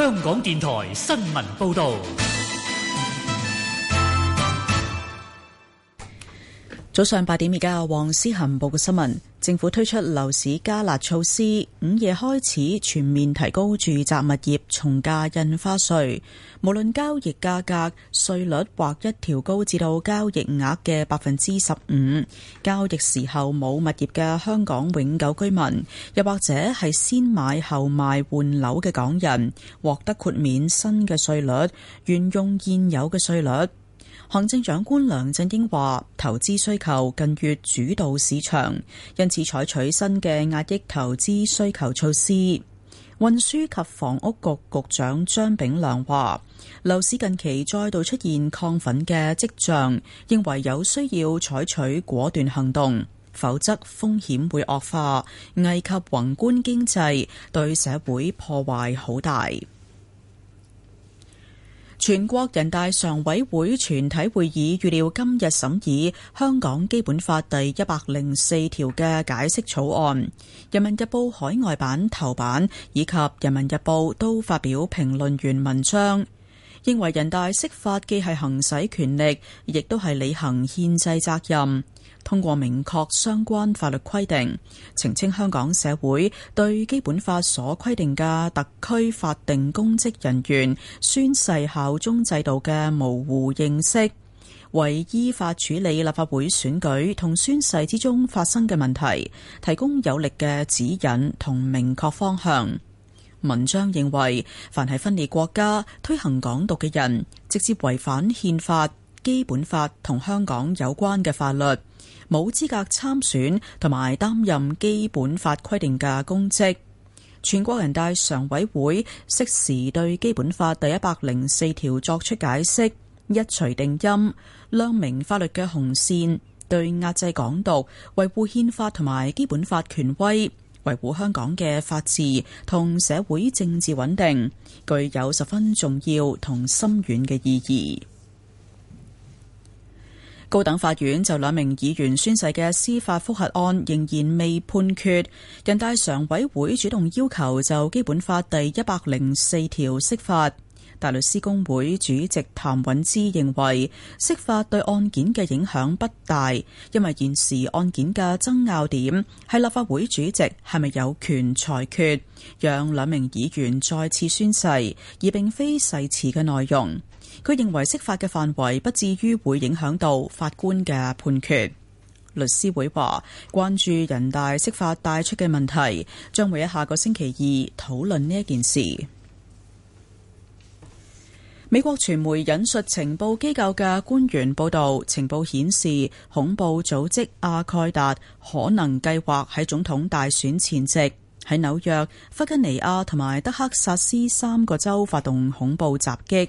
香港電台新聞報道。早上八點，而家黃思涵報嘅新聞。政府推出樓市加辣措施，午夜開始全面提高住宅物業重價印花稅，無論交易價格、稅率或一調高至到交易額嘅百分之十五。交易時候冇物業嘅香港永久居民，又或者係先買後賣換樓嘅港人，獲得豁免新嘅稅率，沿用現有嘅稅率。行政長官梁振英話：投資需求近月主導市場，因此採取新嘅壓抑投資需求措施。運輸及房屋局局長張炳良話：樓市近期再度出現亢奮嘅跡象，認為有需要採取果斷行動，否則風險會惡化，危及宏觀經濟，對社會破壞好大。全國人大常委會全體會議預料今日審議《香港基本法》第一百零四條嘅解釋草案。《人民日報》海外版頭版以及《人民日報》都發表評論員文章，認為人大釋法既係行使權力，亦都係履行憲制責任。通過明確相關法律規定，澄清香港社會對基本法所規定嘅特區法定公職人員宣誓效忠制度嘅模糊認識，為依法處理立法會選舉同宣誓之中發生嘅問題提供有力嘅指引同明確方向。文章認為，凡係分裂國家、推行港獨嘅人，直接違反憲法、基本法同香港有關嘅法律。冇資格參選同埋擔任基本法規定嘅公職。全國人大常委會適時對基本法第一百零四條作出解釋，一錘定音，亮明法律嘅紅線，對壓制港獨、維護憲法同埋基本法權威、維護香港嘅法治同社會政治穩定，具有十分重要同深遠嘅意義。高等法院就兩名議員宣誓嘅司法複核案仍然未判決，人大常委會主動要求就基本法第一百零四條釋法。大律師公會主席譚允芝認為，釋法對案件嘅影響不大，因為現時案件嘅爭拗點係立法會主席係咪有權裁決，讓兩名議員再次宣誓，而並非誓詞嘅內容。佢認為釋法嘅範圍不至於會影響到法官嘅判決。律師會話關注人大釋法帶出嘅問題，將會喺下個星期二討論呢一件事。美國傳媒引述情報機構嘅官員報道，情報顯示恐怖組織阿蓋達可能計劃喺總統大選前夕喺紐約、弗吉尼亞同埋德克薩斯三個州發動恐怖襲擊。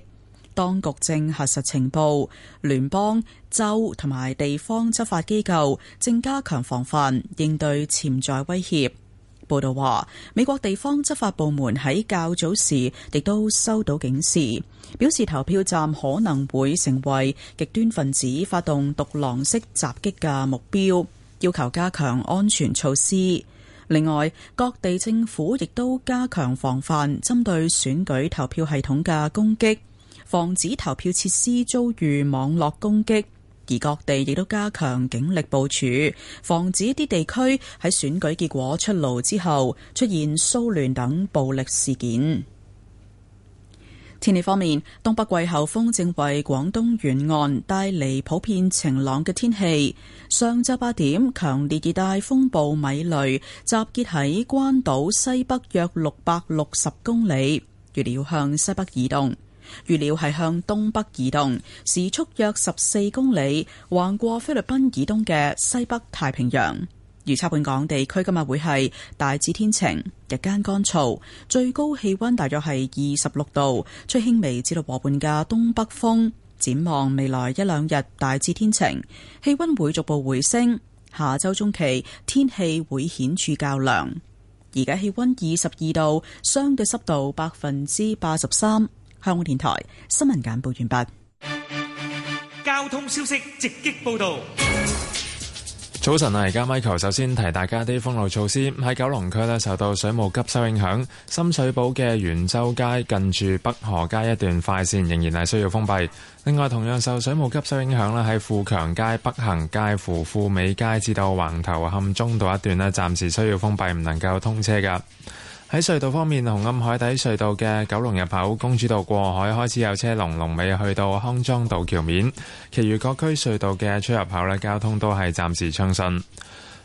當局正核實情報，聯邦、州同埋地方執法機構正加強防範，應對潛在威脅。報道話，美國地方執法部門喺較早時亦都收到警示，表示投票站可能會成為極端分子發動獨狼式襲擊嘅目標，要求加強安全措施。另外，各地政府亦都加強防範，針對選舉投票系統嘅攻擊。防止投票設施遭遇網絡攻擊，而各地亦都加強警力部署，防止一啲地區喺選舉結果出爐之後出現騷亂等暴力事件。天氣方面，東北季候風正為廣東沿岸帶嚟普遍晴朗嘅天氣。上晝八點，強烈熱帶風暴米雷集結喺關島西北約六百六十公里，預料向西北移動。預料係向東北移動，時速約十四公里，橫過菲律賓以東嘅西北太平洋。預測本港地區今日會係大致天晴，日間乾燥，最高氣溫大約係二十六度，吹輕微至到和緩嘅東北風。展望未來一兩日大致天晴，氣溫會逐步回升。下周中期天氣會顯著較涼，而家氣溫二十二度，相對濕度百分之八十三。香港電台新聞簡報完畢。交通消息直擊報道。早晨啊，而家 Michael 首先提醒大家啲封路措施。喺九龍區咧，受到水務急收影響，深水埗嘅元州街近住北河街一段快線仍然係需要封閉。另外，同樣受水務急收影響咧，喺富強街北行介乎富美街至到橫頭磡中道一段咧，暫時需要封閉，唔能夠通車噶。喺隧道方面，紅磡海底隧道嘅九龍入口公主道過海開始有車龍，龍尾去到康莊道橋面。其餘各區隧道嘅出入口咧，交通都係暫時暢順。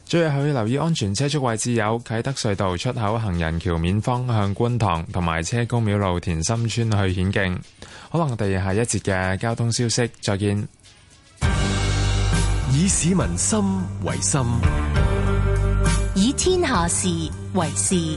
最後要留意安全車速位置有啟德隧道出口行人橋面方向觀塘，同埋車公廟路田心村去顯徑。好啦，我哋下一節嘅交通消息再見。以市民心為心，以天下事為事。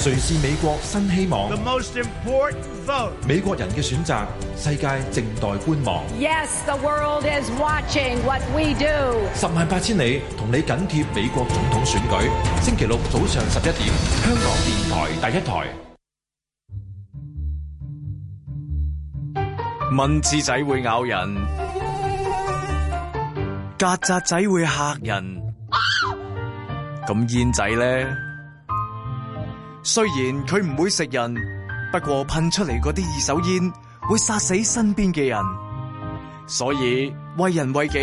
誰是美國新希望？美國人嘅選擇，世界靜待觀望。Yes, the world is watching what we do. 十萬八千里同你緊貼美國總統選舉，星期六早上十一點，香港電台第一台。蚊子 仔會咬人，曱甴 仔會嚇人，咁煙 仔咧？雖然佢唔會食人，不過噴出嚟嗰啲二手煙會殺死身邊嘅人，所以為人為己，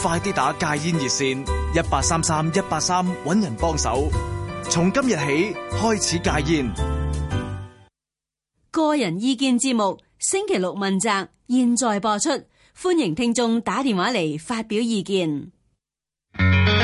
快啲打戒煙熱線一八三三一八三，揾人幫手。從今日起開始戒煙。個人意見節目，星期六問責，現在播出，歡迎聽眾打電話嚟發表意見。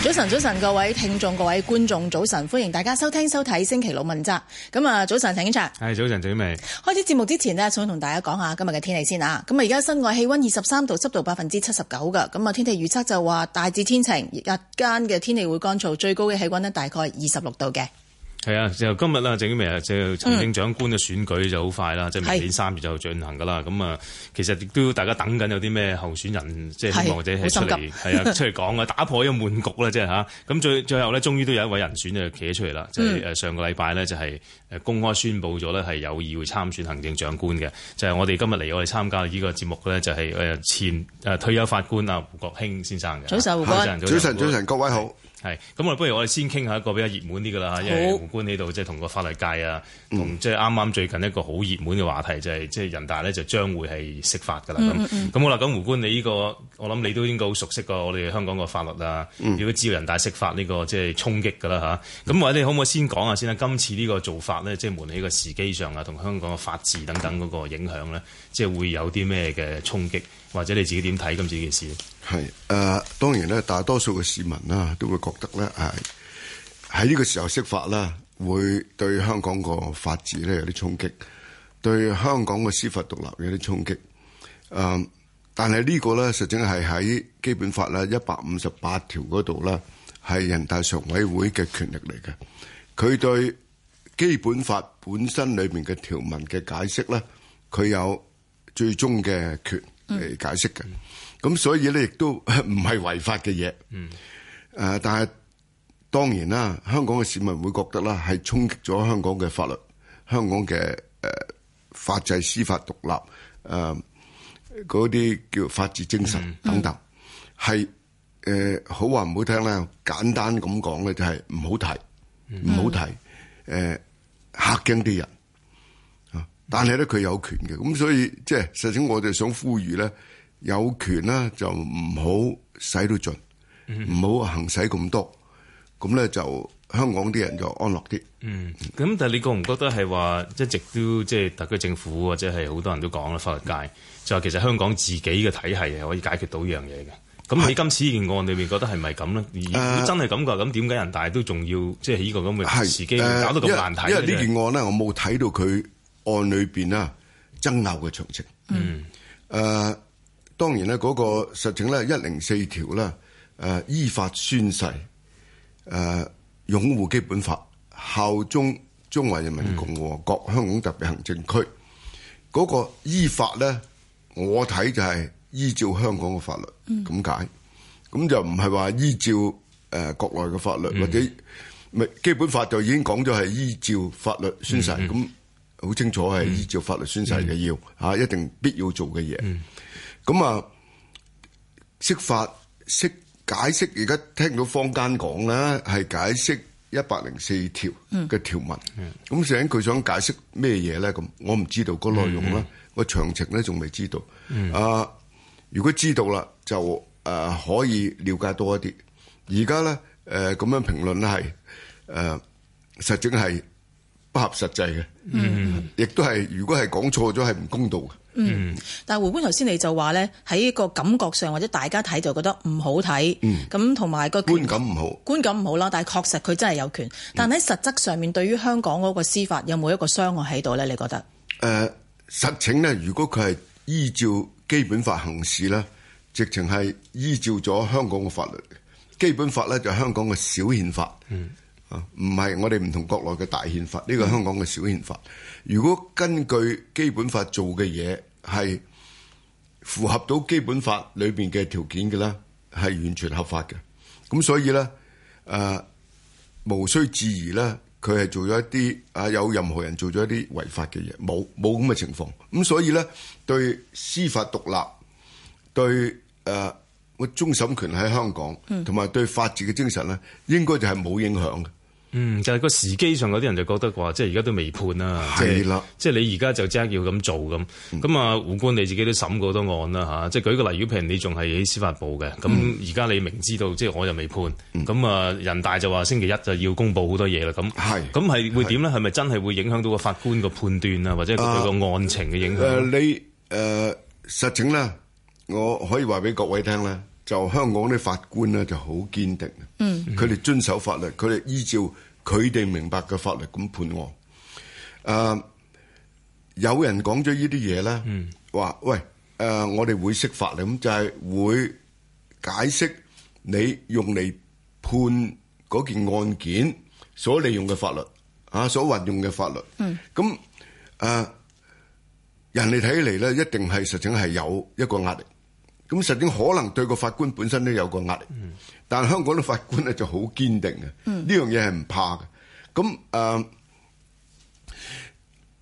早晨，早晨，各位聽眾、各位觀眾，早晨，歡迎大家收聽、收睇《星期六問責》。咁啊，早晨，陳警長。係早晨，鄭美。開始節目之前呢，想同大家講下今日嘅天氣先啊。咁啊，而家室外氣温二十三度，濕度百分之七十九噶。咁啊，天氣預測就話大致天晴，日間嘅天氣會乾燥，最高嘅氣温呢大概二十六度嘅。係啊，就今日啦，至於明日就行政長官嘅選舉就好快啦，即係、嗯、明年三月就進行噶啦。咁啊是，其實亦都大家等緊有啲咩候選人，即係的希望或者係出嚟，係啊心 出嚟講啊，打破呢個悶局啦，即係吓。咁最最後咧，終於都有一位人選就企咗出嚟啦，即係誒上個禮拜呢，就係誒公開宣布咗呢，係有意會參選行政長官嘅，就係、是、我哋今日嚟我哋參加呢個節目呢，就係誒前誒退休法官啊胡國興先生嘅。早晨，胡官。早晨，早晨，早晨，各位好。係咁，我哋不如我哋先傾下一個比較熱門啲噶啦，好因為胡官呢度即係同個法律界啊，同即係啱啱最近一個好熱門嘅話題就係即係人大咧就將會係釋法噶啦咁。咁好啦，咁胡官你呢個我諗你都應該好熟悉過我哋香港個法律啊。如果只要人大釋法呢個即係衝擊噶啦吓，咁我哋可唔可以先講下先啊？今次呢個做法咧，即係無論喺個時機上啊，同香港嘅法治等等嗰個影響咧，即係會有啲咩嘅衝擊？或者你自己點睇咁？今次件事係誒，當然咧，大多數嘅市民啦，都會覺得咧係喺呢個時候釋法啦，會對香港個法治咧有啲衝擊，對香港嘅司法獨立有啲衝擊。誒、嗯，但係呢個咧，實際係喺基本法啦一百五十八條嗰度啦，係人大常委會嘅權力嚟嘅。佢對基本法本身裏面嘅條文嘅解釋咧，佢有最終嘅權。誒解釋嘅，咁、嗯、所以咧亦都唔係違法嘅嘢。嗯，誒、啊、但係當然啦，香港嘅市民會覺得啦，係衝擊咗香港嘅法律、香港嘅誒、呃、法制、司法獨立、誒、呃、嗰啲叫法治精神等等，係誒、嗯呃、好話唔好聽咧，簡單咁講咧就係唔好提，唔好提，誒嚇驚啲人。但係咧，佢有權嘅，咁所以即係實際，我哋想呼籲咧，有權啦就唔好使到盡，唔好行使咁多，咁咧就香港啲人就安樂啲。嗯，咁但係你覺唔覺得係話一直都即係特區政府或者係好多人都講啦，法律界就話、是、其實香港自己嘅體系係可以解決到一樣嘢嘅。咁喺今次呢件案裏面，覺得係咪咁咧？的如果真係咁嘅，咁點解人大都仲要即係呢個咁嘅時機搞到咁難睇？因為呢件案咧，我冇睇到佢。案裏邊啦，爭拗嘅詳情。嗯，誒、呃、當然咧，嗰、那個實情咧，一零四條啦，誒、呃、依法宣誓，誒、呃、擁護基本法，效忠中華人民共和國、嗯、香港特別行政區。嗰、那個依法咧，嗯、我睇就係依照香港嘅法律咁、嗯、解，咁就唔係話依照誒國內嘅法律、嗯、或者咪基本法就已經講咗係依照法律宣誓咁。好清楚係依照法律宣誓嘅，要嚇一定必要做嘅嘢。咁啊，釋法釋解釋，而家聽到坊間講咧，係解釋一百零四條嘅條文。咁所以佢想解釋咩嘢咧？咁我唔知道個內容啦，個詳情咧仲未知道。啊，如果知道啦，就誒可以了解多一啲。而家咧誒咁樣評論咧係誒，實證係。不合實際嘅，嗯、mm，hmm. 亦都係如果係講錯咗係唔公道嘅，嗯。但係胡官頭先你就話咧，喺個感覺上或者大家睇就覺得唔好睇，咁同埋個觀感唔好，觀感唔好啦。但係確實佢真係有權，但喺實質上面，mm hmm. 對於香港嗰個司法有冇一個傷害喺度咧？你覺得？誒、呃，實情咧，如果佢係依照基本法行事咧，直情係依照咗香港嘅法律。基本法咧就係香港嘅小憲法，嗯、mm。唔係我哋唔同國內嘅大憲法，呢個香港嘅小憲法。如果根據基本法做嘅嘢係符合到基本法裏邊嘅條件嘅啦，係完全合法嘅。咁所以咧，誒無需置疑咧，佢係做咗一啲啊有任何人做咗一啲違法嘅嘢，冇冇咁嘅情況。咁所以咧，對司法獨立、對誒我終審權喺香港，同埋對法治嘅精神咧，應該就係冇影響嘅。嗯，就係個時機上，嗰啲人就覺得話，的即係而家都未判啦。係啦，嗯，即係你而家就即刻要咁做咁。咁啊，胡官你自己都審過多案啦吓，啊，即係舉個例子，如譬如你仲係喺司法部嘅，咁而家你明知道，嗯，即係我又未判，咁啊，嗯，人大就話星期一就要公布好多嘢啦。咁係，咁係是會點咧？係咪真係會影響到個法官個判斷啊，或者佢個案情嘅影響，啊呃？你誒，呃，實情咧，我可以話俾各位聽咧。就香港啲法官咧就好堅定，佢哋遵守法律，佢哋依照佢哋明白嘅法律咁判案。誒，有人講咗呢啲嘢咧，話，喂，誒，我哋會釋法嘅，咁就係會解釋你用嚟判嗰件案件所利用嘅法律啊，所運用嘅法律。咁誒，人哋睇起嚟咧，一定係實情係有一個壓力。咁實在可能對個法官本身都有個壓力，但香港嘅法官咧就好堅定嘅，呢樣嘢係唔怕嘅。咁誒，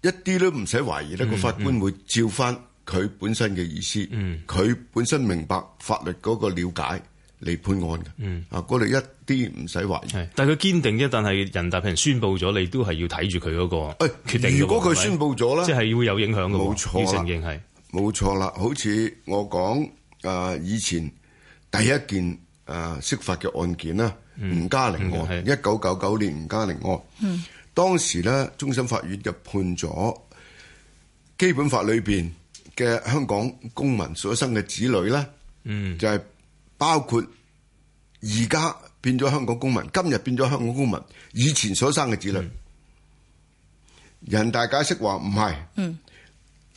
一啲都唔使懷疑呢個法官會照翻佢本身嘅意思，佢本身明白法律嗰個瞭解嚟判案嘅。嗯，啊，我哋一啲唔使懷疑。但係佢堅定啫。但係人大平宣佈咗，你都係要睇住佢嗰個決定。如果佢宣佈咗咧，即係會有影響嘅。冇錯啦，承認係冇錯啦。好似我講。誒、呃，以前第一件誒、呃、釋法嘅案件啦，吳、嗯、嘉玲案，一九九九年吳嘉玲案，嗯、當時咧，終審法院就判咗基本法裏邊嘅香港公民所生嘅子女咧，嗯、就係包括而家變咗香港公民，今日變咗香港公民以前所生嘅子女，人大解釋話唔係，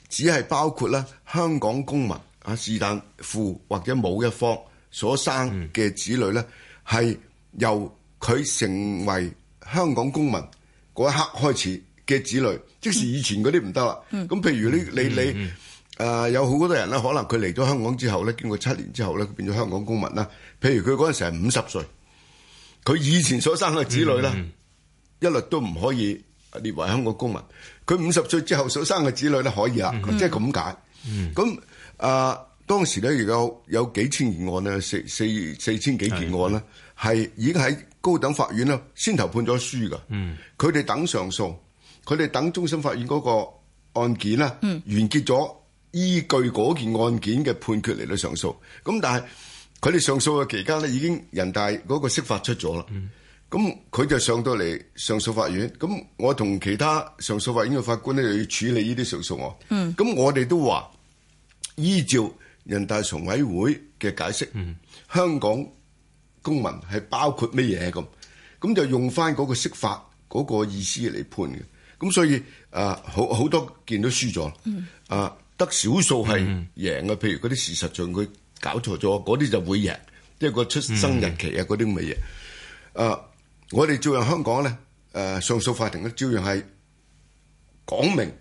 只係包括啦香港公民。啊，是但父或者某一方所生嘅子女呢，係由佢成為香港公民嗰一刻開始嘅子女。即使以前嗰啲唔得啦，咁譬如你你你，啊、呃、有好多人呢，可能佢嚟咗香港之後呢，經過七年之後呢，變咗香港公民啦。譬如佢嗰陣時係五十歲，佢以前所生嘅子女呢，一律都唔可以列為香港公民。佢五十歲之後所生嘅子女呢，可以啊，即係咁解。咁啊！當時咧，亦有有幾千件案咧，四四四千幾件案咧，係的已經喺高等法院咧先頭判咗輸噶。嗯，佢哋等上訴，佢哋等終審法院嗰個案件咧，完結咗，依據嗰件案件嘅判決嚟到上訴。咁但係佢哋上訴嘅期間咧，已經人大嗰個釋法出咗啦。咁佢就上到嚟上訴法院。咁我同其他上訴法院嘅法官咧，就要處理呢啲上訴案。嗯，咁我哋都話。依照人大常委會嘅解釋，香港公民係包括乜嘢咁？咁就用翻嗰個釋法嗰個意思嚟判嘅。咁所以啊，好好多件都輸咗，啊得少數係贏嘅。譬如嗰啲事實上佢搞錯咗，嗰啲就會贏，即係個出生日期啊嗰啲咁嘅嘢。啊，我哋照樣香港咧，誒上訴法庭咧，照樣係講明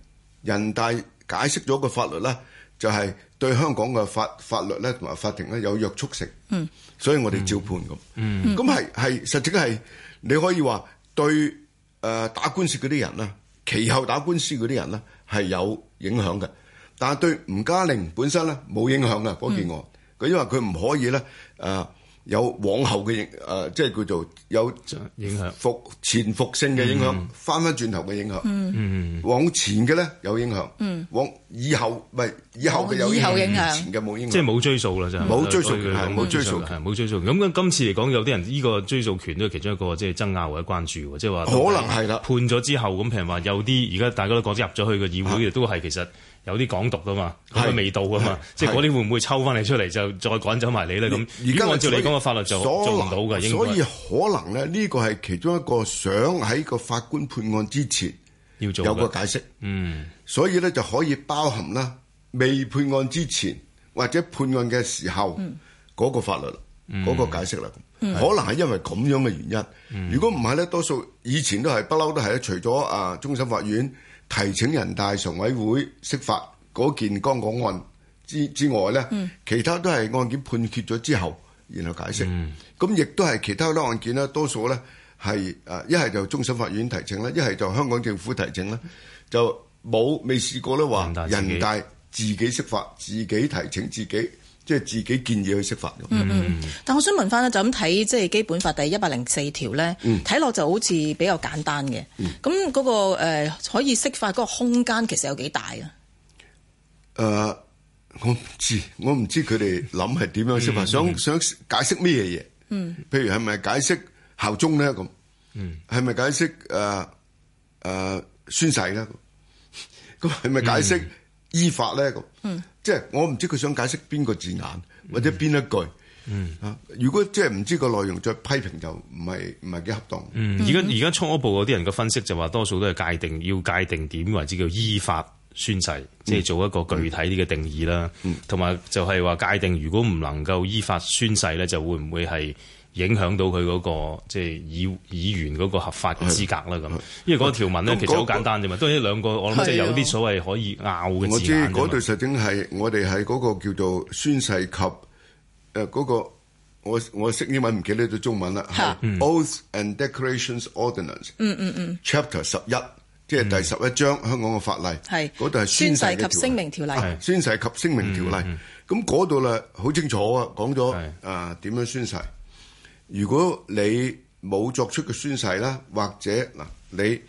人大解釋咗個法律啦，就係。對香港嘅法法律咧同埋法庭咧有約束性，mm. 所以我哋照判咁。咁係係實際係你可以話對誒打官司嗰啲人啦，其後打官司嗰啲人啦係有影響嘅，但係對吳嘉玲本身咧冇影響嘅嗰件案，佢、mm. mm. 因為佢唔可以咧誒。呃有往後嘅影，誒即係叫做有影響，伏前伏性嘅影響，翻翻轉頭嘅影響。嗯嗯，往前嘅呢有影響。嗯，往以後唔係以後嘅有影響，前嘅冇影響，即係冇追訴啦，真係冇追訴，係冇追訴，冇追訴。咁今次嚟講，有啲人呢個追訴權都係其中一個即係爭拗或者關注，即係話可能係啦，判咗之後咁譬如話有啲而家大家都覺得入咗去嘅議會亦都係其實。有啲港獨噶嘛，咁嘅味道嘛，是即係嗰啲會唔會抽翻你出嚟，就再趕走埋你咧？咁而家按照你講嘅法律，就做唔到噶。所以可能咧，呢個係其中一個想喺個法官判案之前要做，有個解釋。嗯，所以咧就可以包含啦，未判案之前或者判案嘅時候嗰個法律，嗰、嗯、個解釋啦。嗯、可能係因為咁樣嘅原因。如果唔係咧，多數以前都係不嬲都係，除咗啊，終審法院。提請人大常委會釋法嗰件剛果案之之外咧，mm. 其他都係案件判決咗之後，然後解釋。咁、mm. 亦都係其他好多案件咧，多數咧係誒一係就是終審法院提請咧，一係就是香港政府提請咧，就冇未試過呢話人，人大自己釋法，自己提請自己。即係自己建議去釋法。Mm hmm. 但我想問翻咧，就咁睇即係基本法第一百零四條咧，睇落、mm hmm. 就好似比較簡單嘅。咁嗰、mm hmm. 嗰個、呃、可以釋法嗰個空間其實有幾大啊？誒、呃，我唔知，我唔知佢哋諗係點樣釋法，mm hmm. 想想解釋咩嘢嘢？Mm hmm. 譬如係咪解釋效忠咧咁？嗯，係咪解釋誒誒宣誓咧？咁係咪解釋？呃呃依法咧，嗯、即係我唔知佢想解釋邊個字眼或者邊一句嚇、嗯啊。如果即係唔知個內容，再批評就唔係唔係幾恰當。而家而家初步嗰啲人嘅分析就話，多數都係界定要界定點為之叫依法宣誓，嗯、即係做一個具體啲嘅定義啦。同埋、嗯、就係話界定，如果唔能夠依法宣誓咧，就會唔會係？影響到佢嗰個即係議議員嗰個合法嘅資格啦。咁因為嗰條文咧，其實好簡單啫嘛，都係兩個。我諗即係有啲所謂可以拗嘅字眼。我知嗰對實證係我哋係嗰個叫做宣誓及誒嗰個我我識英文唔記得咗中文啦。Oath and Decorations Ordinance，Chapter 十一即係第十一章香港嘅法例，係嗰度係宣誓及聲明條例。宣誓及聲明條例咁嗰度啦，好清楚啊，講咗啊點樣宣誓。如果你冇作出嘅宣誓啦，或者嗱你，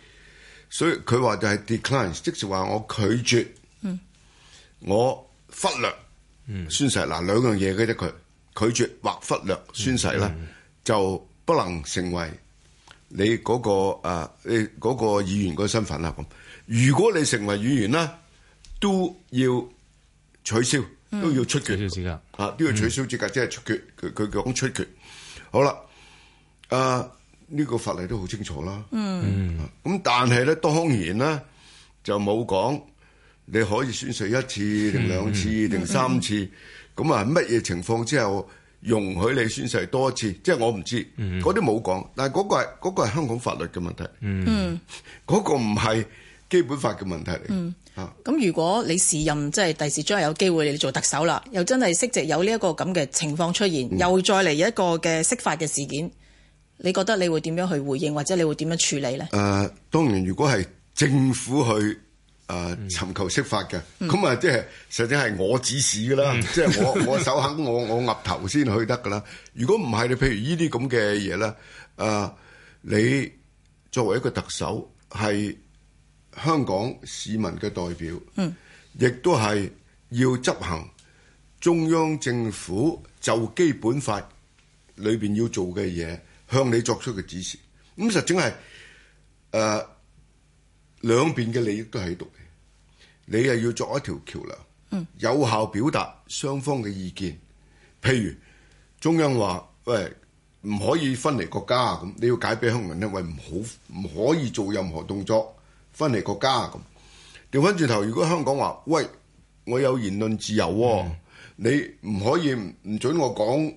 所以佢話就係 decline，即係話我拒絕，嗯、我忽略宣誓嗱兩樣嘢嘅啫，佢拒絕或忽略宣誓啦，嗯、就不能成為你嗰、嗰個誒嗰個議員個身份啦。咁如果你成為議員啦，都要取消，都要出缺，少時間啊都要取消資格，即係、嗯、出缺，佢佢講出缺。好啦，啊呢、這個法例都好清楚啦，嗯、mm，咁、hmm. 但係咧當然啦，就冇講你可以宣誓一次定兩次定、mm hmm. 三次，咁啊乜嘢情況之後容許你宣誓多一次，即係我唔知，嗰啲冇講，但係嗰個係、那個係、那個、香港法律嘅問題，嗯、mm，嗰、hmm. 個唔係基本法嘅問題嚟。Mm hmm. 咁、啊、如果你時任、就是任即係第時將來有機會你做特首啦，又真係涉及有呢一個咁嘅情況出現，嗯、又再嚟一個嘅釋法嘅事件，你覺得你會點樣去回應或者你會點樣處理咧？誒、呃，當然如果係政府去誒尋、呃、求釋法嘅，咁啊、嗯、即係實際係我指使噶啦，即係、嗯、我我手肯 我我岌頭先去得噶啦。如果唔係你，譬如呢啲咁嘅嘢啦，誒、呃，你作為一個特首係。香港市民嘅代表，嗯，亦都係要執行中央政府就基本法裏邊要做嘅嘢，向你作出嘅指示。咁、嗯嗯、實正係誒兩邊嘅利益都喺度，你又要作一條橋樑，有效表達雙方嘅意見，譬如中央話：喂，唔可以分離國家咁，你要解俾香港人咧，喂，唔好唔可以做任何動作。翻嚟國家咁，調翻轉頭，如果香港話：「喂，我有言論自由，哦，mm. 你唔可以唔准我講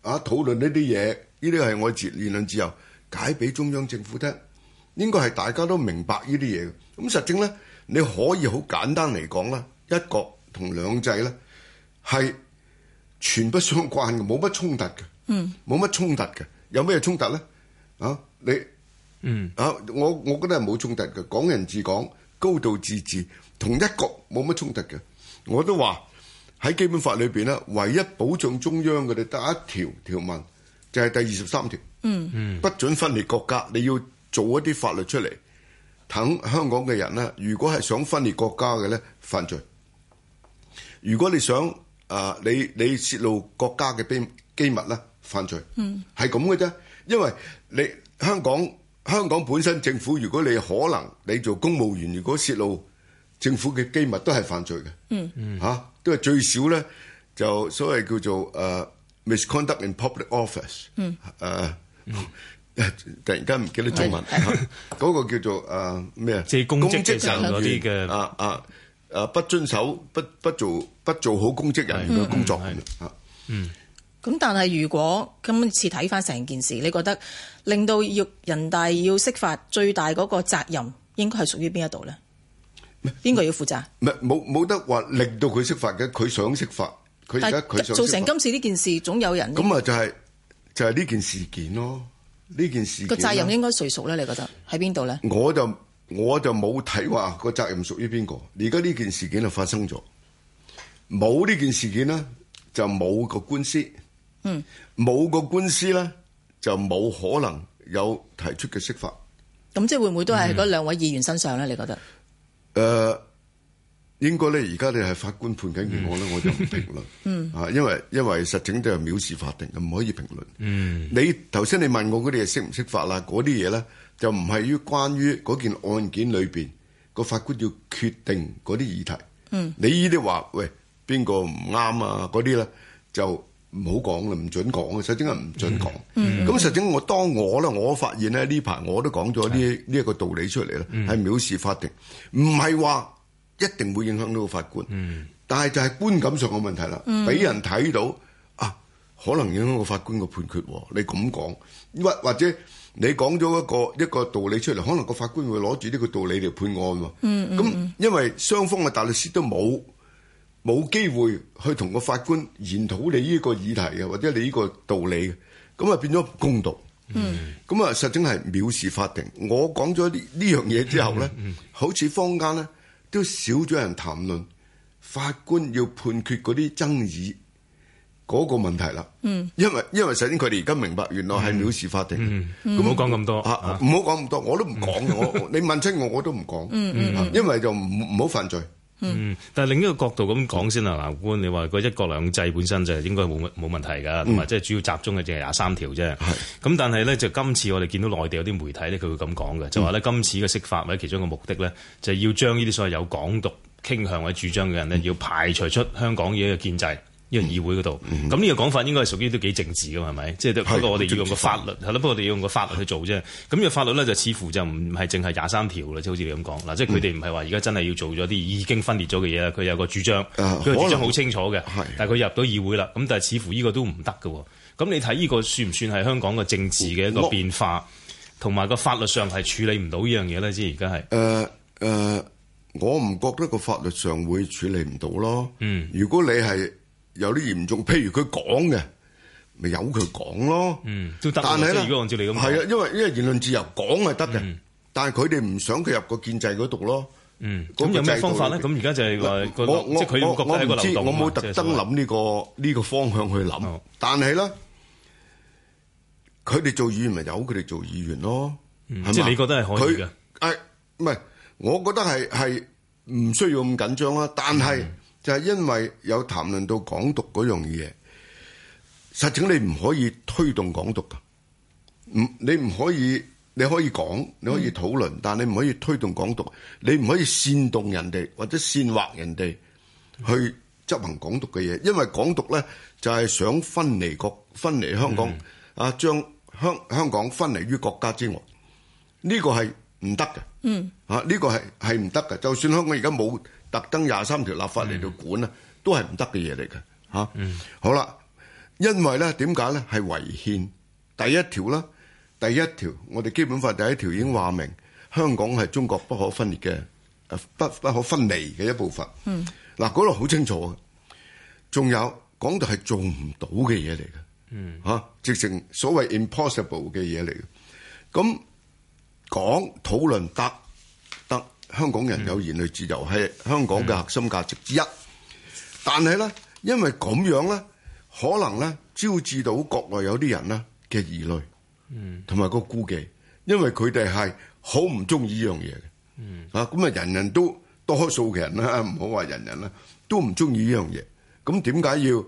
啊，討論呢啲嘢，呢啲係我言論自由，解俾中央政府聽，應該係大家都明白呢啲嘢。咁實質咧，你可以好簡單嚟講啦，一國同兩制咧係全不相關嘅，冇乜衝突嘅，嗯，冇乜衝突嘅，有咩衝突咧？啊，你？嗯，啊，我我覺得係冇衝突嘅。港人治港，高度自治，同一國冇乜衝突嘅。我都話喺基本法裏邊咧，唯一保障中央嘅咧得一條條文，就係第二十三條。嗯，嗯，不准分裂國家，你要做一啲法律出嚟，等香港嘅人咧，如果係想分裂國家嘅咧，犯罪。如果你想啊，你你泄露國家嘅機機密咧，犯罪。嗯，係咁嘅啫，因為你香港。香港本身政府，如果你可能你做公務員，如果泄露政府嘅機密都係犯罪嘅。嗯嗯嚇，都係、啊、最少咧就所謂叫做誒、uh, misconduct in public office。嗯誒、啊，突然間唔記得中文嗰是、 啊嗰個叫做誒咩啊？公職人啲嘅啊啊啊，不遵守不不做不做好公職人員嘅工作啊嗯。嗯嗯啊。咁但係如果今次睇翻，成件事，你覺得令到要人大要釋法最大嗰個責任應該係屬於邊一度咧？邊個要負責？係冇冇得話令到佢釋法嘅，佢想釋法，佢而家佢想。造成今次呢件事，總有人。咁啊就係就係呢件事件咯，呢件事件個責任應該誰屬咧？你覺得喺邊度咧？我就我就冇睇話個責任屬於邊個，而家呢件事件就發生咗，冇呢件事件呢，就冇個官司。嗯，冇個官司咧，就冇可能有提出嘅釋法。咁即係會唔會都係喺嗰兩位議員身上咧？你覺得？誒、嗯，應該咧，而家你係法官判緊案咧，嗯、我就唔評論。嗯，啊，因為因為實情就藐視法庭，唔可以評論。嗯，你頭先你問我嗰啲係識唔識法啦？嗰啲嘢咧就唔係於關於嗰件案件裏邊、那個法官要決定嗰啲議題。嗯，你呢啲話喂邊個唔啱啊？嗰啲咧就。唔好講啦，唔準講嘅，實情係唔準講。咁、嗯嗯、實情我當我咧，我發現咧，呢排我都講咗呢呢一個道理出嚟咧，係藐視法庭，唔係話一定會影響到個法官。但係就係觀感上嘅問題啦，俾人睇到啊，可能影響個法官嘅判決。你咁講，或或者你講咗一個一個道理出嚟，可能個法官會攞住呢個道理嚟判案。咁因為雙方嘅大律師都冇。冇機會去同個法官研討你呢個議題嘅，或者你呢個道理，咁啊變咗公道。咁啊、嗯，實情係藐視法庭。我講咗呢樣嘢之後咧，好似坊間咧都少咗人談論法官要判決嗰啲爭議嗰個問題啦。因為因為首先佢哋而家明白，原來係藐視法庭。唔好講咁多吓，唔好講咁多，我都唔講。我 你問清我，我都唔講。因為就唔唔好犯罪。嗯，但係另一個角度咁講、嗯、先啦，嗱，官你話個一國兩制本身就應該冇冇問題㗎，同埋即係主要集中嘅就係廿三條啫。咁是但係咧，就今次我哋見到內地有啲媒體咧，佢會咁講嘅，就話咧今次嘅釋法或者其中嘅目的咧，就係、是、要將呢啲所謂有港獨傾向或者主張嘅人咧，嗯、要排除出香港嘅一個建制呢個議會嗰度，咁呢個講法應該係屬於都幾政治㗎嘛？係咪？即係不過我哋要用個法律係咯，不過我哋要用個法律去做啫。咁呢個法律咧就似乎就唔係淨係廿三條啦，即好似你咁講嗱，即係佢哋唔係話而家真係要做咗啲已經分裂咗嘅嘢啦。佢有個主張，佢個主張好清楚嘅，但係佢入到議會啦。咁但係似乎呢個都唔得㗎。咁你睇呢個算唔算係香港嘅政治嘅一個變化，同埋個法律上係處理唔到呢樣嘢咧？即係而家係。誒誒，我唔覺得個法律上會處理唔到咯。嗯，如果你係。有啲嚴重，譬如佢講嘅，咪由佢講咯。嗯，都得。但係咧，係啊，因為因為言論自由講係得嘅，但係佢哋唔想佢入個建制嗰度咯。嗯，咁有咩方法咧？咁而家就係話，我我我我唔知我冇特登諗呢個呢個方向去諗，但係咧，佢哋做議員咪由佢哋做議員咯。即係你覺得係可以嘅。誒，唔係，我覺得係係唔需要咁緊張啦。但係。就係因為有談論到港獨嗰樣嘢，實情你唔可以推動港獨嘅，唔你唔可以，你可以講，你可以討論，但你唔可以推動港獨，你唔可以煽動人哋或者煽惑人哋去執行港獨嘅嘢，因為港獨咧就係想分離國、分離香港，啊，將香香港分離於國家之外，呢個係唔得嘅。嗯，啊，呢個係係唔得嘅，就算香港而家冇特登廿三條立法嚟到管啊，都係唔得嘅嘢嚟嘅，吓，好啦，因為咧點解咧係違憲，第一條咧，第一條我哋基本法第一條已經話明，香港係中國不可分裂嘅，不不可分離嘅一部分。嗱，嗰度好清楚，仲有講到係做唔到嘅嘢嚟嘅，吓，直情所謂 impossible 嘅嘢嚟嘅，咁講討論得得。香港人有言論自由係香港嘅核心價值之一，但係咧，因為咁樣咧，可能咧招致到國內有啲人咧嘅疑慮，嗯，同埋個顧忌，因為佢哋係好唔中意呢樣嘢嘅，嗯，啊，咁啊，人人都多數嘅人啦，唔好話人人啦，都唔中意呢樣嘢，咁點解要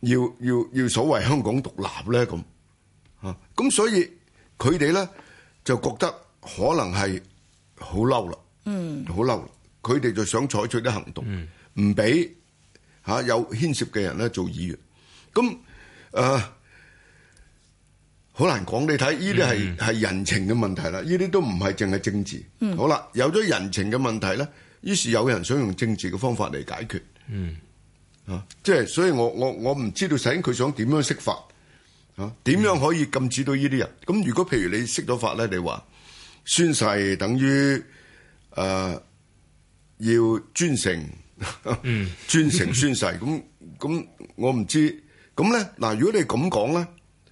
要要要所謂香港獨立咧？咁啊，咁所以佢哋咧就覺得可能係。好嬲啦，嗯，好嬲，佢哋就想採取啲行動，唔俾吓有牽涉嘅人咧做議員，咁誒好難講。你睇呢啲係係人情嘅問題啦，呢啲都唔係淨係政治。好啦，有咗人情嘅問題咧，於是有人想用政治嘅方法嚟解決。嗯，啊，即係所以我我我唔知道醒佢想點樣釋法，啊，點樣可以禁止到呢啲人？咁如果譬如你釋咗法咧，你話？宣誓等於誒、呃、要專誠，專 誠宣誓。咁咁我唔知。咁咧嗱，如果你咁講咧，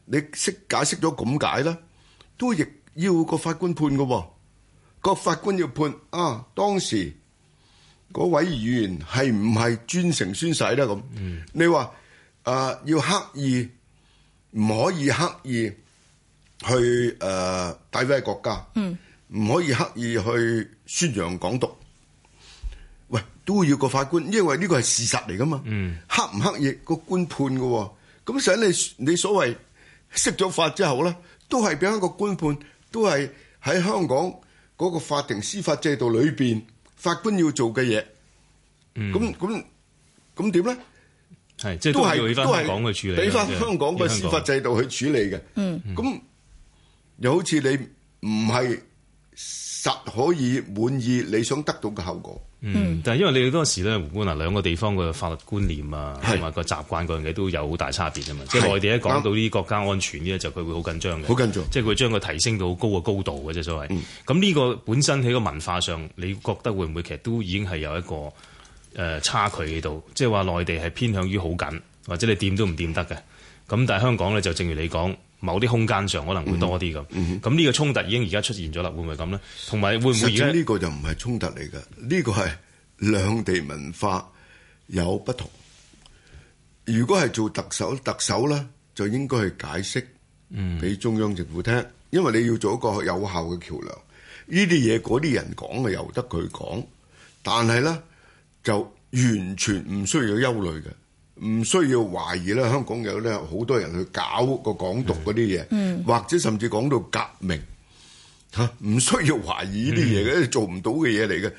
你釋解釋咗咁解咧，都亦要個法官判㗎、哦。個法官要判啊，當時嗰位議員係唔係專誠宣誓咧？咁，你話誒、呃、要刻意，唔可以刻意。去誒，代、呃、表國家，唔、嗯、可以刻意去宣揚港獨。喂，都要個法官，因為呢個係事實嚟噶嘛。嗯，黑唔刻、刻意、嗰個官判噶、哦，咁所以你你所謂識咗法之後咧，都係俾一個官判，都係喺香港嗰個法庭司法制度裏邊，法官要做嘅嘢。嗯，咁咁咁點咧？係即係都係都係講嘅處理，俾翻、嗯、香港個司法制度去處理嘅。嗯，咁、嗯。嗯又好似你唔係實可以滿意你想得到嘅效果。嗯，但係因為你嗰時咧，胡官嗱、啊、兩個地方嘅法律觀念啊，同埋個習慣嗰樣嘢都有好大差別啊嘛。是即係內地一講到啲國家安全呢，嗯、就佢會好緊張嘅。好緊張，即係佢將佢提升到好高嘅高度嘅啫。所謂，咁呢、嗯、個本身喺個文化上，你覺得會唔會其實都已經係有一個誒、呃、差距喺度？即係話內地係偏向於好緊，或者你掂都唔掂得嘅。咁但係香港咧就正如你講。某啲空間上可能會多啲咁，咁呢、mm hmm. 個衝突已經而家出現咗啦，會唔會咁咧？同埋會唔會而家，其實呢個就唔係衝突嚟嘅？呢、這個係兩地文化有不同。如果係做特首，特首咧就應該去解釋俾中央政府聽，因為你要做一個有效嘅橋梁。呢啲嘢嗰啲人講嘅由得佢講，但係咧就完全唔需要憂慮嘅。唔需要懷疑咧，香港有咧好多人去搞個港獨嗰啲嘢，嗯、或者甚至講到革命嚇，唔、啊、唔需要懷疑呢啲嘢嘅，做唔到嘅嘢嚟嘅。誒、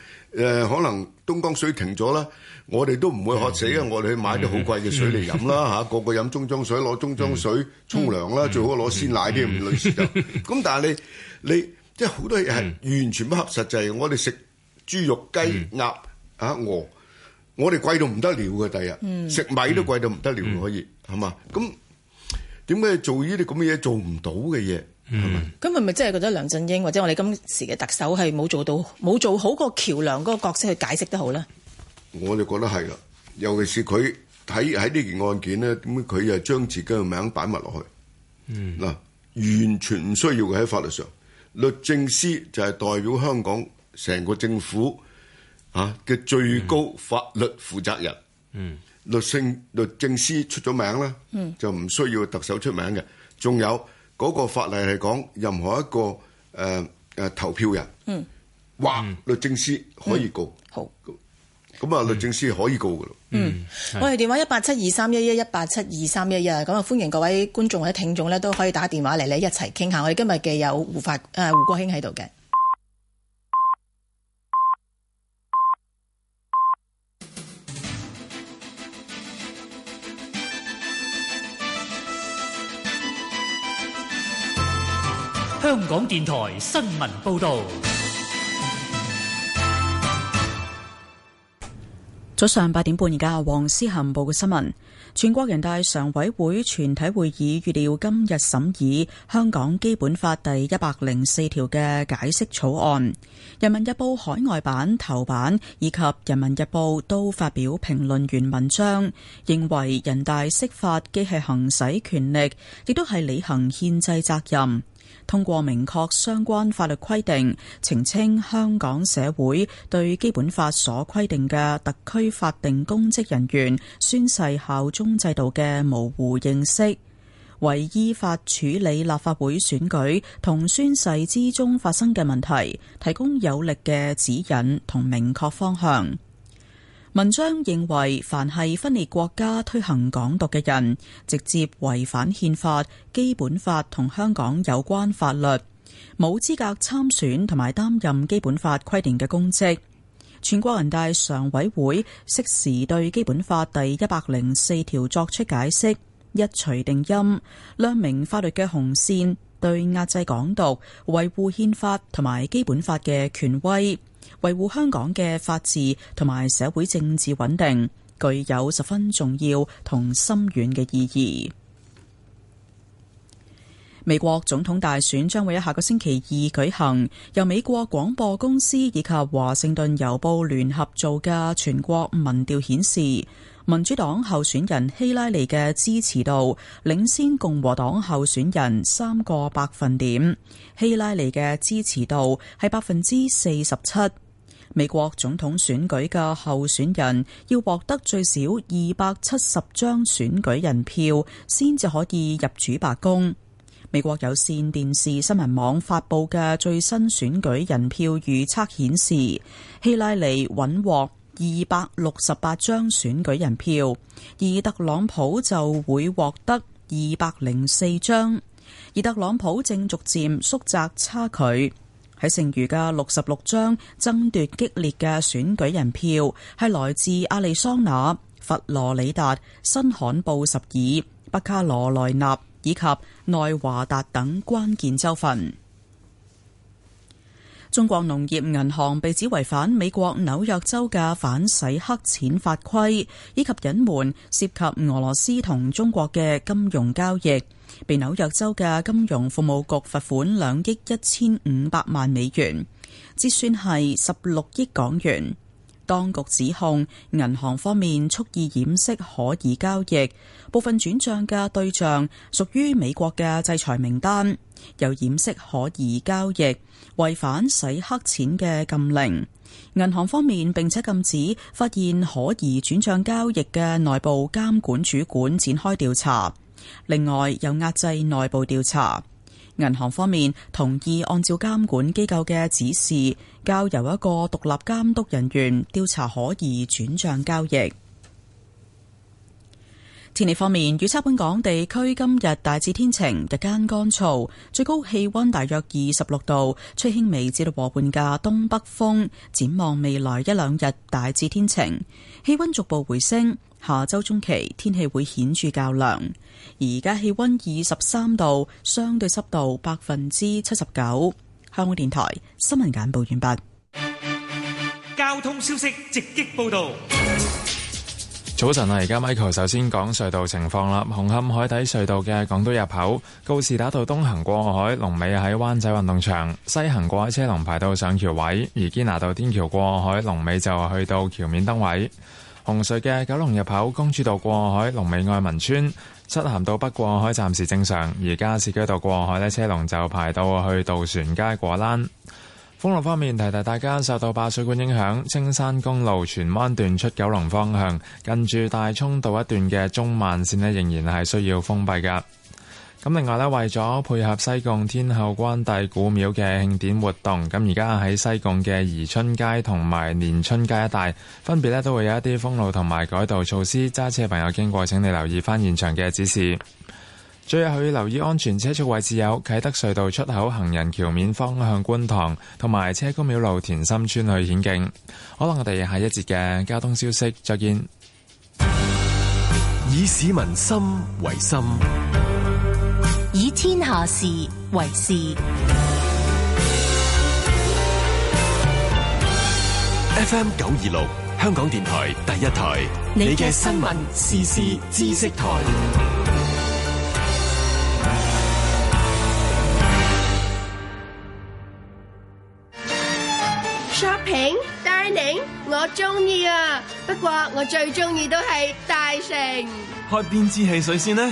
呃，可能東江水停咗啦，我哋都唔會渴死嘅，嗯、我哋去買啲好貴嘅水嚟飲啦嚇，嗯啊、個個飲樽裝水，攞樽裝水沖涼啦，嗯、最好攞鮮奶啲唔類似咁、嗯、 但係你你，你即係好多嘢係完全不合實際，就是、我哋食豬肉、雞、鴨、嚇、鵝。我哋貴到唔得了嘅，第日，食米都貴到唔得了，可以係嘛？咁點解做呢啲咁嘅嘢做唔到嘅嘢？係咪？咁係咪真係覺得梁振英或者我哋今時嘅特首係冇做到冇做好個橋樑嗰個角色去解釋得好咧？我就覺得係啦，尤其是佢喺喺呢件案件咧，咁佢又將自己嘅名擺埋落去，嗱，完全唔需要喺法律上，律政司就係代表香港成個政府。啊嘅最高法律負責人，嗯、律政律政司出咗名啦，嗯、就唔需要特首出名嘅。仲有嗰、嗰個法例係講，任何一個誒誒、呃、投票人，嗯，話律政司可以告。嗯嗯、好，咁啊，律政司可以告噶咯。嗯，是我哋電話一八七二三一一一八七二三一一，咁啊，歡迎各位觀眾或者聽眾咧都可以打電話嚟咧，一齊傾下。我哋今日嘅有胡法誒胡國興喺度嘅。香港電台新聞報道，早上八點半，而家黃思涵報嘅新聞。全國人大常委會全體會議預料今日審議《香港基本法》第一百零四條嘅解釋草案。《人民日報》海外版頭版以及《人民日報》都發表評論員文章，認為人大釋法既係行使權力，亦都係履行憲制責任。通過明確相關法律規定，澄清香港社會對基本法所規定嘅特區法定公職人員宣誓效忠制度嘅模糊認識，為依法處理立法會選舉同宣誓之中發生嘅問題提供有力嘅指引同明確方向。文章認為，凡係分裂國家、推行港獨嘅人，直接違反憲法、基本法同香港有關法律，冇資格參選同埋擔任基本法規定嘅公職。全國人大常委會適時對基本法第一百零四條作出解釋，一錘定音，亮明法律嘅紅線，對壓制港獨、維護憲法同埋基本法嘅權威，維護香港嘅法治同埋社會政治穩定，具有十分重要同深遠嘅意義。美國總統大選將會喺下個星期二舉行，由美國廣播公司以及華盛頓郵報聯合做嘅全國民調顯示，民主黨候選人希拉里嘅支持度領先共和黨候選人三個百分點，希拉里嘅支持度係百分之四十七。美國總統選舉嘅候選人要獲得最少二百七十張選舉人票先至可以入主白宮。美國有線電視新聞網發佈嘅最新選舉人票預測顯示，希拉里穩獲，二百六十八張選舉人票，而特朗普就會獲得二百零四張，而特朗普正逐漸縮窄差距。喺剩餘嘅六十六張爭奪激烈嘅選舉人票，係來自亞利桑那、佛羅里達、新罕布什爾、北卡羅萊納以及內華達等關鍵州份。中國農業銀行被指違反美國紐約州嘅反洗黑錢法規，以及隱瞞涉及俄羅斯同中國嘅金融交易，被紐約州嘅金融服務局罰款兩億一千五百萬美元，折算係十六億港元。當局指控銀行方面蓄意掩飾可疑交易，部分轉賬嘅對象屬於美國嘅制裁名單，又掩飾可疑交易，違反洗黑錢嘅禁令。銀行方面並且禁止發現可疑轉賬交易嘅內部監管主管展開調查，另外又壓制內部調查。銀行方面同意按照監管機構嘅指示。交由一個獨立監督人員調查可疑轉賬交易。天氣方面，預測本港地區，今日大致天晴，日間乾燥，最高氣溫大約二十六度，吹輕微至到和緩嘅東北風。展望未來一兩日，大致天晴，氣溫逐步回升。下周中期天氣會顯著較涼，而家氣溫二十三度，相對濕度百分之七十九。香港電台新聞簡報完畢。交通消息直擊報道。早晨啊，而家 Michael 首先講隧道情況啦。紅磡海底隧道嘅港島入口，告士打道東行過海龍尾喺灣仔運動場；西行過海車龍排到上橋位。而堅拿道天橋過海龍尾就去到橋面燈位。紅隧嘅九龍入口，公主道過海龍尾，愛民村。出咸道北過海暫時正常，而家市區到過海咧車龍就排到去渡船街果欄。公路方面，提提大家，受到爆水管影響，青山公路荃灣段出九龍方向，近住大涌道一段嘅中慢線咧仍然係需要封閉噶。咁另外咧，為咗配合西貢天后關帝古廟嘅慶典活動，咁而家喺西貢嘅宜春街同埋年春街一帶，分別咧都會有一啲封路同埋改道措施。揸車嘅朋友經過，請你留意翻現場嘅指示。最後要留意安全車速位置有啟德隧道出口行人橋面方向觀塘，同埋車公廟路田心村去顯徑。好啦，我哋下一節嘅交通消息再見。以市民心為心。下事為事。FM 九二六香港電台第一台，你嘅新聞時事知識台。Shopping、Dining，我中意啊！不過我最中意都係大成。開邊支汽水先呢？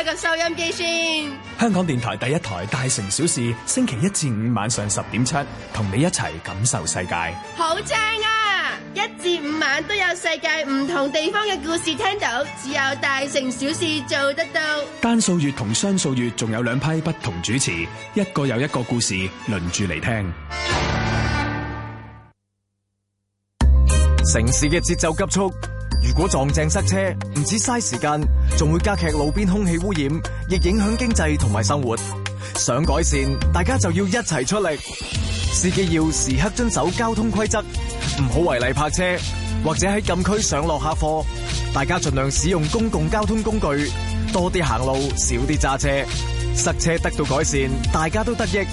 一個收音機先，香港電台第一台《大城小事》，星期一至五晚上十點七，同你一齊感受世界。好正啊！一至五晚都有世界唔同地方嘅故事聽到，只有《大城小事》做得到。單數月同雙數月，仲有兩批不同主持，一個又一個故事輪住嚟聽。城市嘅節奏急速。如果撞正塞車，唔止嘥時間，仲會加劇路邊空氣污染，亦影響經濟同埋生活。想改善，大家就要一齊出力。司機要時刻遵守交通規則，唔好違例泊車或者喺禁區上落客貨。大家盡量使用公共交通工具，多啲行路，少啲揸車。塞車得到改善，大家都得益。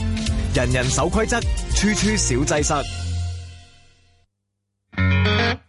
人人守規則，處處少擠塞。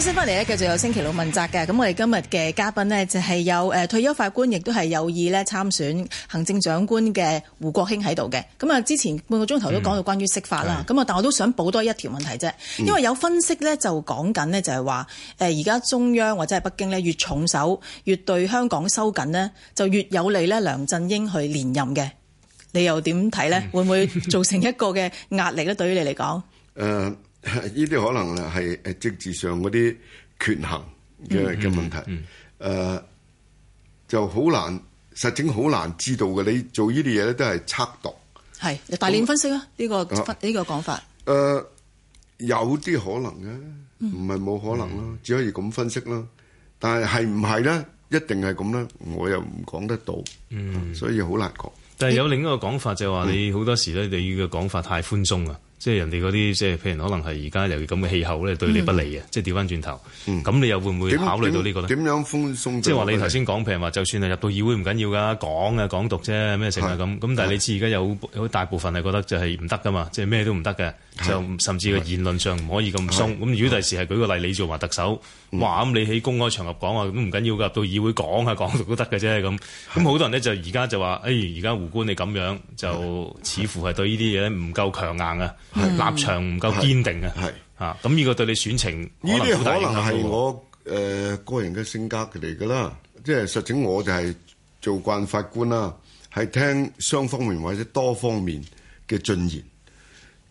先翻嚟咧，繼續有星期六問責嘅。咁我哋今日嘅嘉賓呢，就係、是、有誒、呃、退休法官，亦都係有意咧參選行政長官嘅胡國興喺度嘅。咁啊，之前半個鐘頭都講到關於釋法啦。咁啊、嗯，但我都想補多一條問題啫。因為有分析咧，就講緊呢，就係話誒而家中央或者係北京呢，越重手，越對香港收緊呢，就越有利咧梁振英去連任嘅。你又點睇呢？嗯、會唔會造成一個嘅壓力咧？對於你嚟講，誒、呃。呢啲可能係誒政治上嗰啲權衡嘅嘅問題，誒、嗯嗯嗯呃、就好難，實情好難知道嘅。你做呢啲嘢咧，都係測度，係大煉分析那分啊，呢個呢個講法。誒、呃，有啲可能嘅，唔係冇可能咯，嗯、只可以咁分析咯。但係係唔係咧？一定係咁咧？我又唔講得到，嗯、所以好難講。嗯、但係有另一個講法就話、是，你好多時咧，你嘅講法太寬鬆啊。即係人哋嗰啲，即係譬如可能係而家由於咁嘅氣候咧，對你不利嘅，嗯、即係調翻轉頭。咁、嗯、你又會唔會考慮到個呢個咧？點樣寬鬆？即係話你頭先講譬如話，就算係入到議會唔緊要噶，講嘅、啊、港獨啫，咩成啊咁咁，是但係你知，而家是有好大部分係覺得就係唔得噶嘛，即係咩都唔得嘅。就是甚至個言論上唔可以咁鬆，咁如果第時係舉個例，你做話特首，嗯、哇咁你喺公開場合講話都唔緊要嘅，到議會講下講都得嘅啫咁。咁好是多人咧就而家就話，誒而家胡官你咁樣就似乎係對呢啲嘢唔夠強硬啊，是嗯、立場唔夠堅定啊，嚇咁呢個對你選情，呢啲可能係我誒個人嘅性格嚟㗎啦。即係實情我就係做慣法官啦，係聽雙方面或者多方面嘅進言。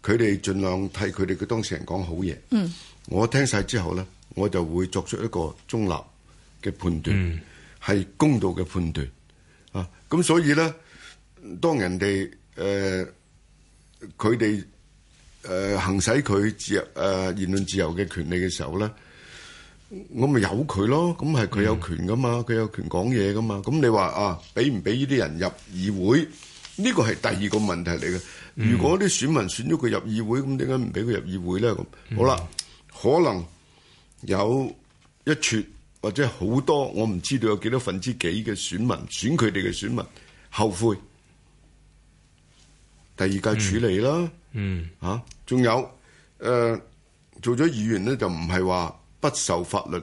佢哋儘量替佢哋嘅當事人講好嘢。嗯，我聽晒之後咧，我就會作出一個中立嘅判斷，係公道嘅判斷。啊，咁所以咧，當人哋誒佢哋誒行使佢自由誒言論自由嘅權利嘅時候咧，我咪由佢咯。咁係佢有權噶嘛？佢有權講嘢噶嘛？咁你話啊，俾唔俾呢啲人入議會？呢個係第二個問題嚟嘅。如果啲選民選咗佢入議會，咁點解唔俾佢入議會咧？咁好啦，可能有一撮或者好多，我唔知道有幾多分之幾嘅選民選佢哋嘅選民後悔，第二屆處理啦。嚇、嗯，仲、啊、有誒、呃，做咗議員咧就唔係話不受法律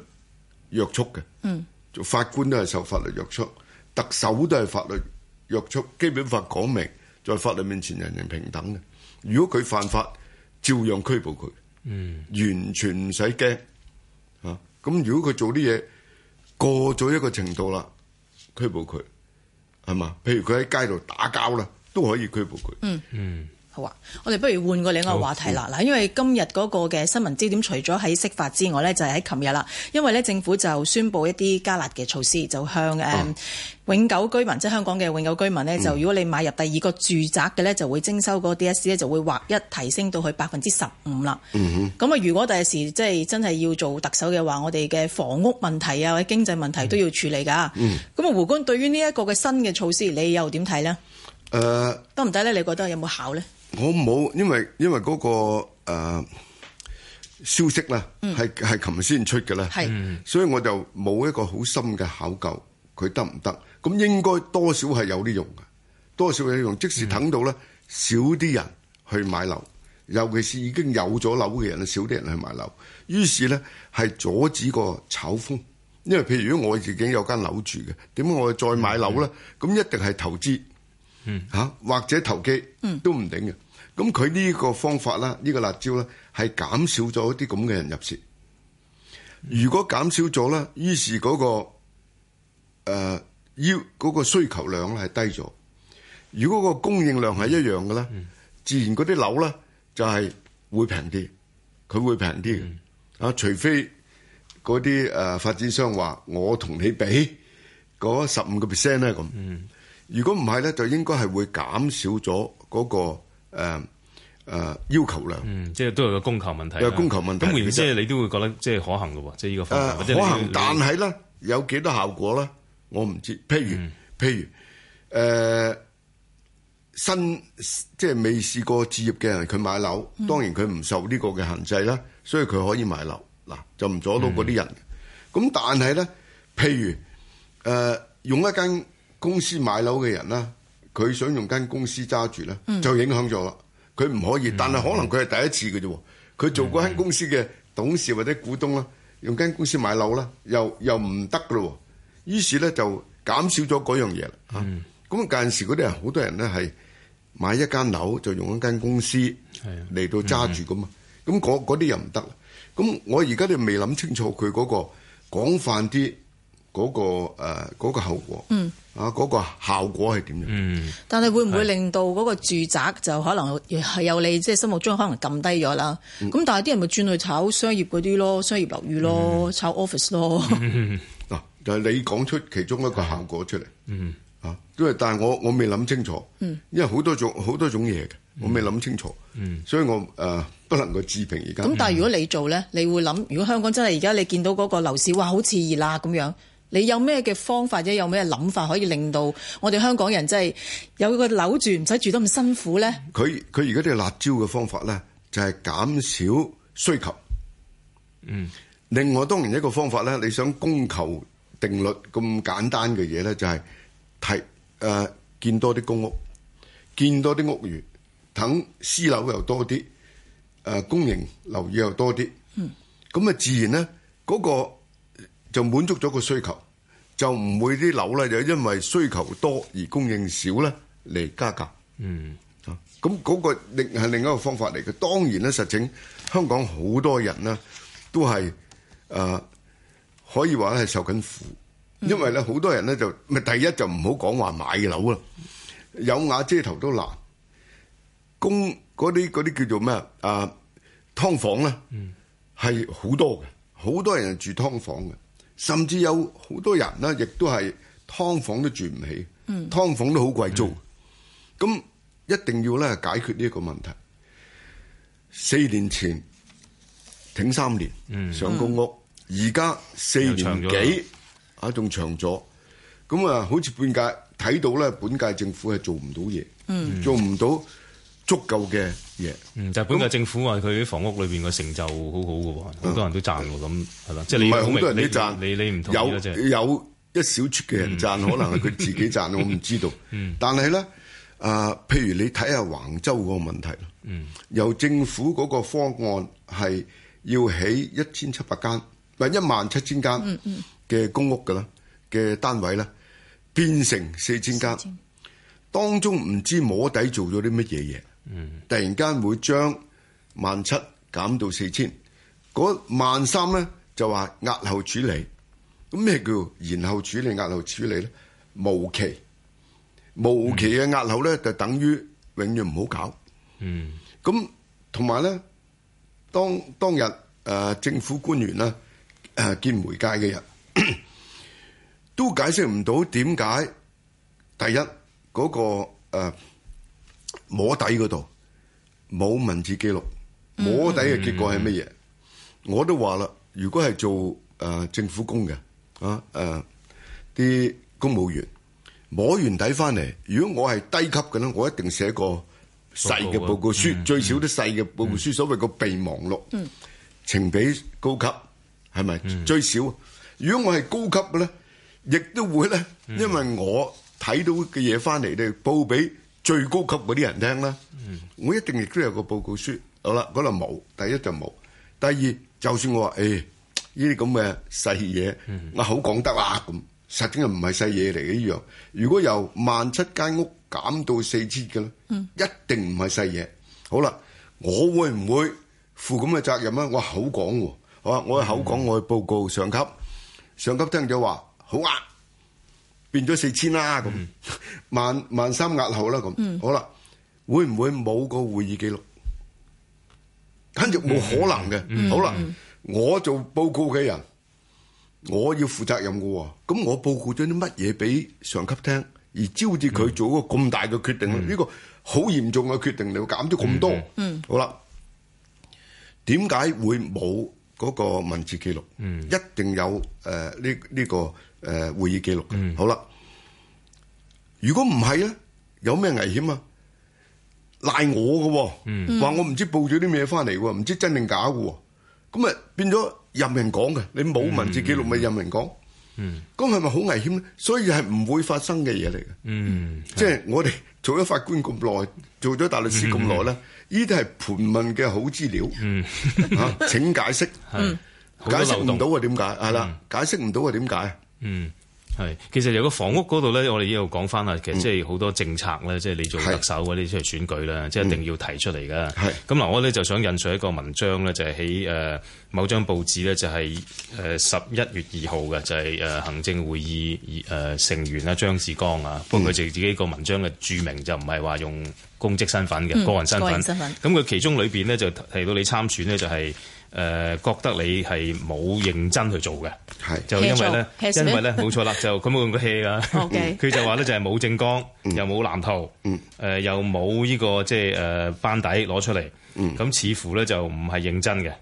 約束嘅，嗯、做法官都係受法律約束，特首都係法律約束，基本法講明。在法律面前人人平等嘅，如果佢犯法，照樣拘捕佢，嗯、完全唔使驚。嚇、啊，咁如果佢做啲嘢過咗一個程度啦，拘捕佢，係嘛？譬如佢喺街度打交啦，都可以拘捕佢。嗯嗯。嗯啊、我哋不如換個另外一個話題啦。嗱好，因為今日嗰個嘅新聞焦點除咗喺釋法之外呢，就係喺琴日啦。因為咧，政府就宣布一啲加辣嘅措施，就向誒、啊、永久居民，即係香港嘅永久居民呢，嗯、就如果你買入第二個住宅嘅呢，就會徵收嗰個 DS 呢，就會劃一提升到去百分之十五啦。咁啊，嗯、哼如果第時即係真係要做特首嘅話，我哋嘅房屋問題啊，或者經濟問題都要處理㗎。咁啊、嗯，胡官對於呢一個嘅新嘅措施，你又點睇呢？誒、呃，得唔得咧？你覺得有冇考呢？我冇，因為因為嗰個誒消息啦，係係琴日先出嘅啦，所以我就冇一個好深嘅考究。佢得唔得？咁應該多少係有啲用嘅，多少有用。即使等到咧，少啲人去買樓，尤其是已經有咗樓嘅人，少啲人去買樓，於是咧係阻止個炒風。因為譬如如果我自己有間樓住嘅，點解我再買樓咧？咁一定係投資，吓，或者投機都唔定嘅。咁佢呢個方法啦，呢個辣椒咧，係減少咗啲咁嘅人入市。如果減少咗咧，於是嗰個誒要嗰個需求量咧係低咗。如果個供應量係一樣嘅咧，自然嗰啲樓咧就係會平啲，佢會平啲嘅。啊，除非嗰啲誒發展商話我同你比嗰十五個 percent 咧咁。嗯，如果唔係咧，就應該係會減少咗嗰個。誒誒、呃呃，要求量，嗯、即係都有個供求問題，有供求問題，咁然即係你都會覺得即係可行嘅喎，呃、即係呢個誒可行，但係咧有幾多效果咧？我唔知，譬如、嗯、譬如誒、呃、新即係未試過置業嘅人，佢買樓，當然佢唔受呢個嘅限制啦，所以佢可以買樓，嗱就唔阻到嗰啲人。咁、嗯、但係咧，譬如誒、呃、用一間公司買樓嘅人啦。佢想用間公司揸住咧，就影響咗啦。佢唔、嗯、可以，嗯、但係可能佢係第一次嘅啫。佢、嗯、做嗰間公司嘅董事或者股東啦，嗯、用間公司買樓啦，又又唔得嘅咯。於是咧就減少咗嗰樣嘢。咁嗰陣時嗰啲人好多人咧係買一間樓就用一間公司嚟到揸住噶嘛。咁嗰啲又唔得。咁我而家就未諗清楚佢嗰個廣泛啲嗰、嗰個誒嗰、嗰個嗰個後果。嗯嗯啊，嗰、那個效果係點樣？嗯，但係會唔會令到嗰個住宅就可能係有你即係、就是、心目中可能撳低咗啦？咁、嗯、但係啲人咪轉去炒商業嗰啲咯，商業樓宇咯，嗯、炒 office 咯。嗱、 啊，就係、是、你講出其中一個效果出嚟。嗯，啊，因為但係我我未諗清楚，因為好多種好多種嘢嘅，我未諗清楚，嗯、所以我誒、呃、不能夠置評而家。咁、嗯、但係如果你做咧，你會諗，如果香港真係而家你見到嗰個樓市，哇，哇哇哇哇好似熱啦咁樣。啊你有咩嘅方法啫？有咩諗法可以令到我哋香港人真係有個樓住，唔使住得咁辛苦咧？佢佢而家啲辣招嘅方法咧，就係減少需求。嗯。另外，當然一個方法咧，你想供求定律咁簡單嘅嘢咧，就係提誒建多啲公屋，建多啲屋苑，等私樓又多啲，誒、呃、公營樓宇又多啲。嗯。咁啊，自然咧嗰、那個。就滿足咗個需求，就唔會啲樓咧就因為需求多而供應少咧嚟加價。嗯啊，咁嗰個另係另一個方法嚟嘅。當然咧，實情香港好多人咧都係誒可以話咧係受緊苦，因為咧好多人咧就咪第一就唔好講話買樓啦，有瓦遮頭都難。供嗰啲嗰啲叫做咩啊？劏房咧係好多嘅，好多人住劏房嘅。甚至有好多人咧，亦都係劏房都住唔起，嗯、劏房都好貴租。咁、嗯、一定要咧解決呢一個問題。四年前挺三年上公屋，而家四年幾啊，仲長咗。咁啊，好似半屆睇到咧，本屆政府係做唔到嘢，嗯、做唔到足夠嘅。嗯，就係本來政府話佢啲房屋裏邊嘅成就好好嘅喎，好多人都讚喎，咁係嘛？即係你唔係好多人啲讚，你你唔同有有一小撮嘅人讚，可能係佢自己讚，我唔知道。但係咧，啊，譬如你睇下橫州嗰個問題，嗯，由政府嗰個方案係要起一千七百間，唔係一萬七千間，嘅公屋嘅啦，嘅單位咧變成四千間，當中唔知摸底做咗啲乜嘢嘢。嗯、突然間會將萬七減到四千，嗰萬三咧就話押後處理，咁咩叫然後處理、押後處理咧？無期，無期嘅押後咧就等於永遠唔好搞。咁同埋咧，當當日誒、呃、政府官員啦誒、呃、見媒介嘅人，都解釋唔到點解第一嗰、嗰個誒。呃摸底嗰度冇文字記錄，摸底嘅結果係乜嘢？我都話啦，如果係做誒政府工嘅啊誒啲公務員摸完底翻嚟，如果我係低級嘅咧，我一定寫個細嘅報告書，最少都細嘅報告書，所謂個備忘錄，呈俾高級係咪？最少，如果我係高級嘅咧，亦都會咧，因為我睇到嘅嘢翻嚟咧，報俾。最高級嗰啲人聽啦，嗯、我一定亦都有個報告書。好啦，可能冇，第一就冇。第二，就算我話誒，呢啲咁嘅細嘢，這這細嗯、我口講得啦咁，實際又唔係細嘢嚟嘅一樣。如果由萬七間屋減到四千嘅咧，嗯、一定唔係細嘢。好啦，我會唔會負咁嘅責任咧？我口講喎，我口、嗯、我口講我去報告上級，上級聽咗話好啊。變咗四千啦，咁萬萬三押後啦，咁 好啦，會唔會冇個會議記錄？簡直冇可能嘅。 好啦，我做報告嘅人，我要負責任嘅。咁我報告咗啲乜嘢俾上級聽，而招致佢做一個咁大嘅決定？呢 個好嚴重嘅決定，你會減咗咁多， 好啦。點解會冇嗰個文字記錄？一定有誒，呢、呃、呢、這個。這個這個誒，會議記錄好啦。如果唔係咧，有咩危險啊？賴我嘅，話我唔知報咗啲咩嘢翻嚟，唔知真定假嘅，咁啊變咗任人講嘅。你冇文字記錄咪任人講，咁係咪好危險咧？所以係唔會發生嘅嘢嚟嘅，即係我哋做咗法官咁耐，做咗大律師咁耐咧，呢啲係盤問嘅好資料，吓，請解釋，解釋唔到啊？點解係啦？解釋唔到啊？點解？嗯，係，其實有個房屋嗰度咧，我哋要講翻啊，其實即係好多政策咧，嗯、即係你做特首嗰啲是出嚟選舉啦，嗯、即係一定要提出嚟噶。咁嗱、嗯，是我咧就想引述一個文章咧，就係喺誒某張報紙咧，就係誒十一月二號嘅，就係誒行政會議誒成員啊張志剛啊，不過佢就自己個文章嘅注明就唔係話用公職身份嘅，嗯、個人身份。嗯、身份。咁佢其中裏邊咧就提到你參選呢，就係、是。誒覺得你係冇認真去做嘅，係就因為咧，因為咧冇錯啦，就佢冇用過氣嘅，佢就話咧就係冇政綱，又冇藍圖，誒又冇呢個即係誒班底攞出嚟，咁似乎咧就唔係認真嘅，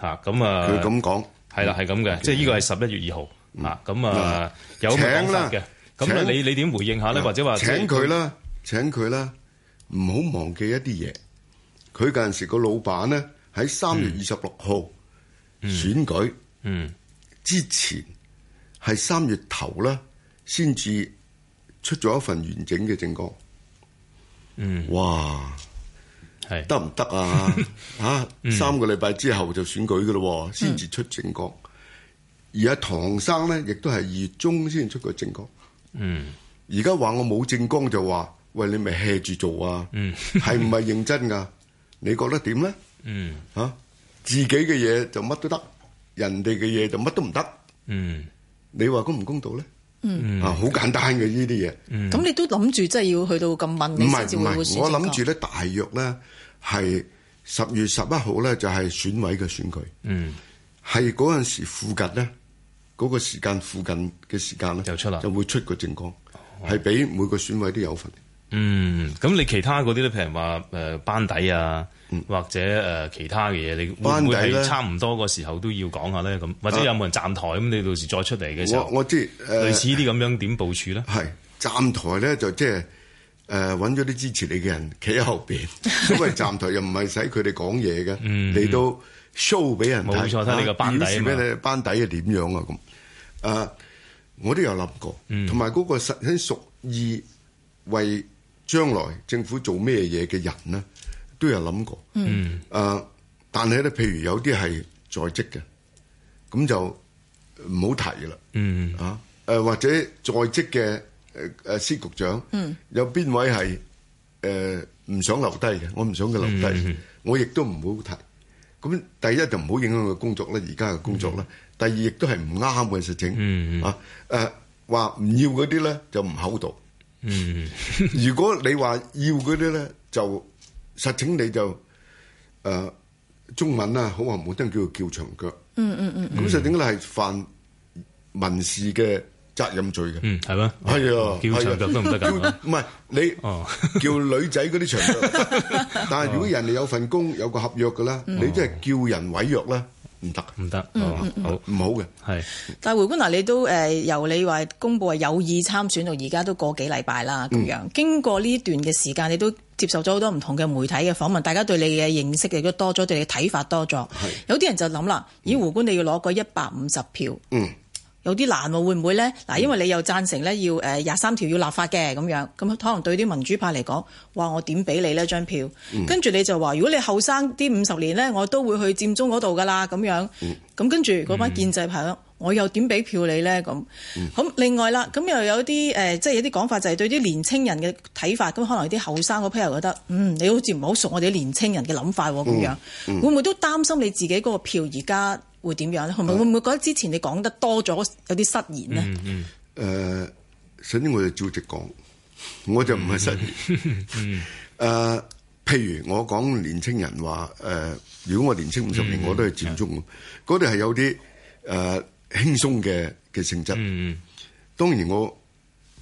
嚇咁啊！佢咁講係啦，係咁嘅，即係呢個係十一月二號啊，咁啊有咩講法嘅？咁你你點回應下咧？或者話請佢啦，請佢啦，唔好忘記一啲嘢。佢嗰陣時個老闆咧。.喺三月二十六號選舉之前，係三、嗯、月頭咧先至出咗一份完整嘅政綱。嗯，哇，係得唔得啊？吓、 啊，三個禮拜之後就選舉噶咯，先至出政綱。嗯、而阿唐生咧，亦都係二月中先出個政綱。嗯，而家話我冇政綱就話，喂，你咪 hea 住做啊？嗯，係唔係認真噶？你覺得點咧？嗯，吓、啊、自己嘅嘢就乜都得，人哋嘅嘢就乜都唔得。嗯，你話公唔公道咧？嗯，啊，好簡單嘅呢啲嘢。咁、嗯嗯、你都諗住即係要去到咁問你政治會唔係唔係，我諗住咧，大約咧係十月十一號咧就係選委嘅選舉。嗯，係嗰陣時附近咧，嗰、那個時間附近嘅時間咧，就出啦，就會出個政綱，係俾每個選委都有份。嗯，咁你其他嗰啲咧，譬如話誒班底啊，或者誒其他嘅嘢，你會唔會係差唔多個時候都要講下咧？咁或者有冇人站台咁？你到時再出嚟嘅時候，我即係類似呢啲咁樣點部署咧？係站台咧就即係誒，揾咗啲支持你嘅人企喺後邊，因為站台又唔係使佢哋講嘢嘅，嚟到 show 俾人睇。冇錯睇你個班底，班底係點樣啊？咁誒，我都有諗過，同埋嗰個實情屬意為。將來政府做咩嘢嘅人咧，都有諗過。嗯。啊，但係咧，譬如有啲係在職嘅，咁就唔好提啦。嗯。啊。誒，或者在職嘅誒誒司局長，嗯。有邊位係誒唔想留低嘅？我唔想佢留低，我亦都唔好提。咁第一就唔好影響佢工作咧，而家嘅工作咧。第二亦都係唔啱現實情。嗯嗯。啊。誒，話唔要嗰啲咧，就唔厚道。嗯， 如果你話要嗰啲咧，就實請實情你就誒、呃、中文啦，好話唔好聽叫叫長腳、嗯，嗯嗯嗯，咁實情你係犯民事嘅責任罪嘅，嗯係咩？係啊、哦的哦，叫長腳都唔得噶，唔係你叫女仔嗰啲長腳，哦、 但係如果人哋有份工有個合約噶啦，你即係叫人毀約啦。唔得唔得，好唔好嘅係。是但係胡官嗱、啊，你都誒由你話公佈有意參選到而家都過幾禮拜啦，咁、嗯、樣經過呢段嘅時間，你都接受咗好多唔同嘅媒體嘅訪問，大家對你嘅認識亦都多咗，對你嘅睇法多咗。是有啲人就諗啦，咦胡官你要攞個一百五十票。嗯嗯有啲難喎，會唔會呢？嗱，因為你又贊成呢，要誒廿三條要立法嘅咁樣，咁可能對啲民主派嚟講，哇，我點俾你呢張票？跟住、嗯、你就話，如果你後生啲五十年呢，我都會去佔中嗰度噶啦咁樣。咁、嗯、跟住嗰班建制派，嗯、我又點俾票你呢？咁、嗯、另外啦，咁又有啲誒，即、呃、係、就係、有啲講法就係對啲年青人嘅睇法，咁、就係、可能有啲後生嗰批又覺得，嗯，你好似唔好熟我哋啲年青人嘅諗法咁樣，嗯、會唔會都擔心你自己嗰個票而家？會點樣咧？同埋，會唔會覺得之前你講得多咗，有啲失言呢？誒、mm，首、hmm. uh, 先我就照直講，我就唔係失言。誒、mm，hmm. uh, 譬如我講年青人話，誒、uh,，如果我年青五十年，我都係佔中，嗰啲係有啲誒輕鬆嘅嘅性質。嗯、mm hmm. 當然我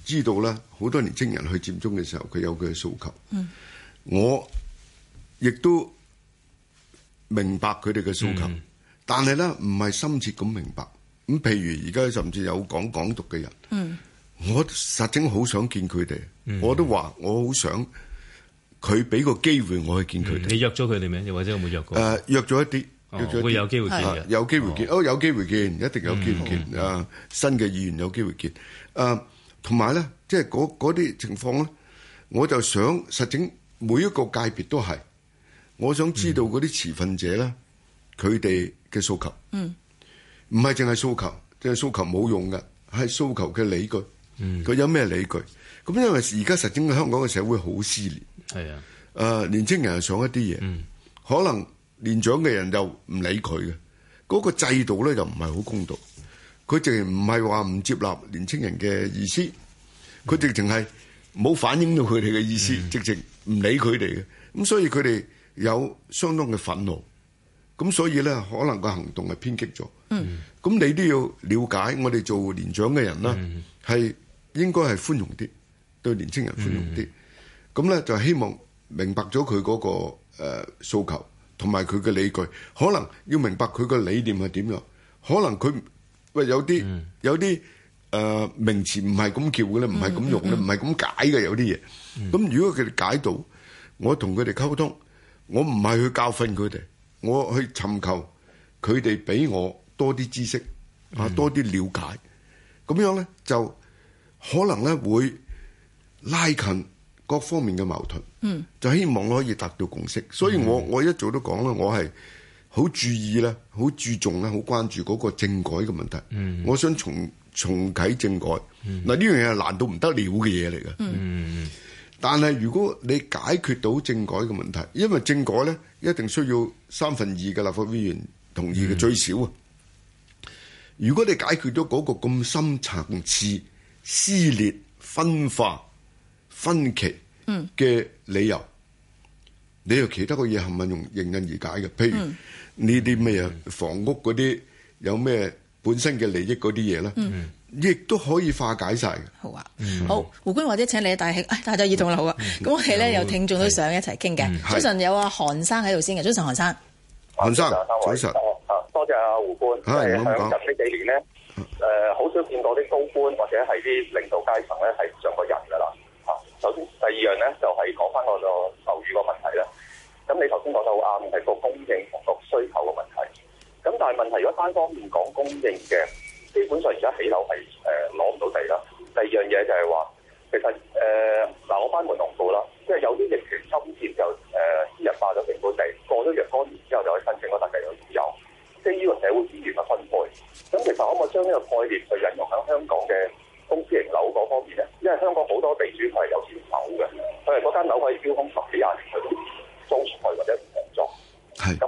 知道咧，好多年青人去佔中嘅時候，佢有佢嘅訴求。Mm hmm. 我亦都明白佢哋嘅訴求。Mm hmm. 但係咧，唔係深切咁明白。咁譬如而家甚至有講港獨嘅人，我實情好想見佢哋。我都話我好想佢俾個機會我去見佢哋。你約咗佢哋未？又或者有冇約過？誒，約咗一啲，約咗會有機會見，有機會見，哦，有機會見，一定有機會見。啊，新嘅議員有機會見。誒，同埋咧，即係嗰啲情況咧，我就想實情每一個界別都係，我想知道嗰啲持份者咧。佢哋嘅訴求，唔係淨係訴求，淨係訴求冇用㗎，係訴求嘅理據。佢有咩理據？咁因為而家實踐嘅香港嘅社會好撕裂，係啊，誒年青人想一啲嘢，可能年長嘅人就唔理佢嘅。嗰個制度咧就唔係好公道，佢直情唔係話唔接納年青人嘅意思，佢直情係冇反映到佢哋嘅意思，直情唔理佢哋嘅。咁所以佢哋有相當嘅憤怒。咁所以咧，可能個行動係偏激咗。咁你都要了解，我哋做年長嘅人啦，係應該係寬容啲，對年青人寬容啲。咁咧就希望明白咗佢嗰個誒訴求，同埋佢嘅理據。可能要明白佢個理念係點樣。可能佢喂有啲有啲誒名詞唔係咁叫嘅咧，唔係咁用咧，唔係咁解嘅有啲嘢。咁如果佢哋解到，我同佢哋溝通，我唔係去教訓佢哋。我去尋求佢哋俾我多啲知識啊，多啲了解，咁、嗯、樣咧就可能咧會拉近各方面嘅矛盾，嗯，就希望可以達到共識。所以我我一早都講啦，我係好注意咧，好注重咧，好關注嗰個政改嘅問題。嗯，我想重重啟政改，嗱呢樣嘢係難到唔得了嘅嘢嚟㗎。嗯。嗯但係如果你解決到政改嘅問題，因為政改咧一定需要三分二嘅立法會議員同意嘅最少啊。嗯、如果你解決咗嗰個咁深層次撕裂、分化、分歧嘅理由，嗯、你有其他嘅嘢係咪用迎刃而解嘅？譬如呢啲咩嘢房屋嗰啲有咩本身嘅利益嗰啲嘢咧？嗯嗯亦都可以化解晒。嘅、啊。好啊，好胡官，或者請你帶，帶咗耳筒啦，好啊。咁我哋咧有聽眾都想一齊傾嘅。早晨有阿韓生喺度先嘅，早晨韓生。韓生早晨。多謝阿胡官。喺喺近呢幾年咧，誒、呃、好少見到啲高官或者係啲領導階層咧係上個人噶啦。嚇、啊，首先第二樣咧就係講翻我個樓宇個問題啦。咁你頭先講到好啱係個供應同個需求嘅問題。咁但係問題如果單方面講供應嘅。基本上而家起樓係誒攞唔到地啦。第二樣嘢就係話，其實誒嗱，我班門弄斧啦，即係有啲疫情深處就誒私人化咗成估地，過咗若干年之後就可以申請啦，但係有自由。即係呢個社會資源嘅分配。咁其實可唔可以將呢個概念去引用喺香港嘅公私型樓嗰方面咧？因為香港好多地主佢係有錢樓嘅，佢係嗰間樓可以標空十幾廿年喺度租出去或者轉作係咁。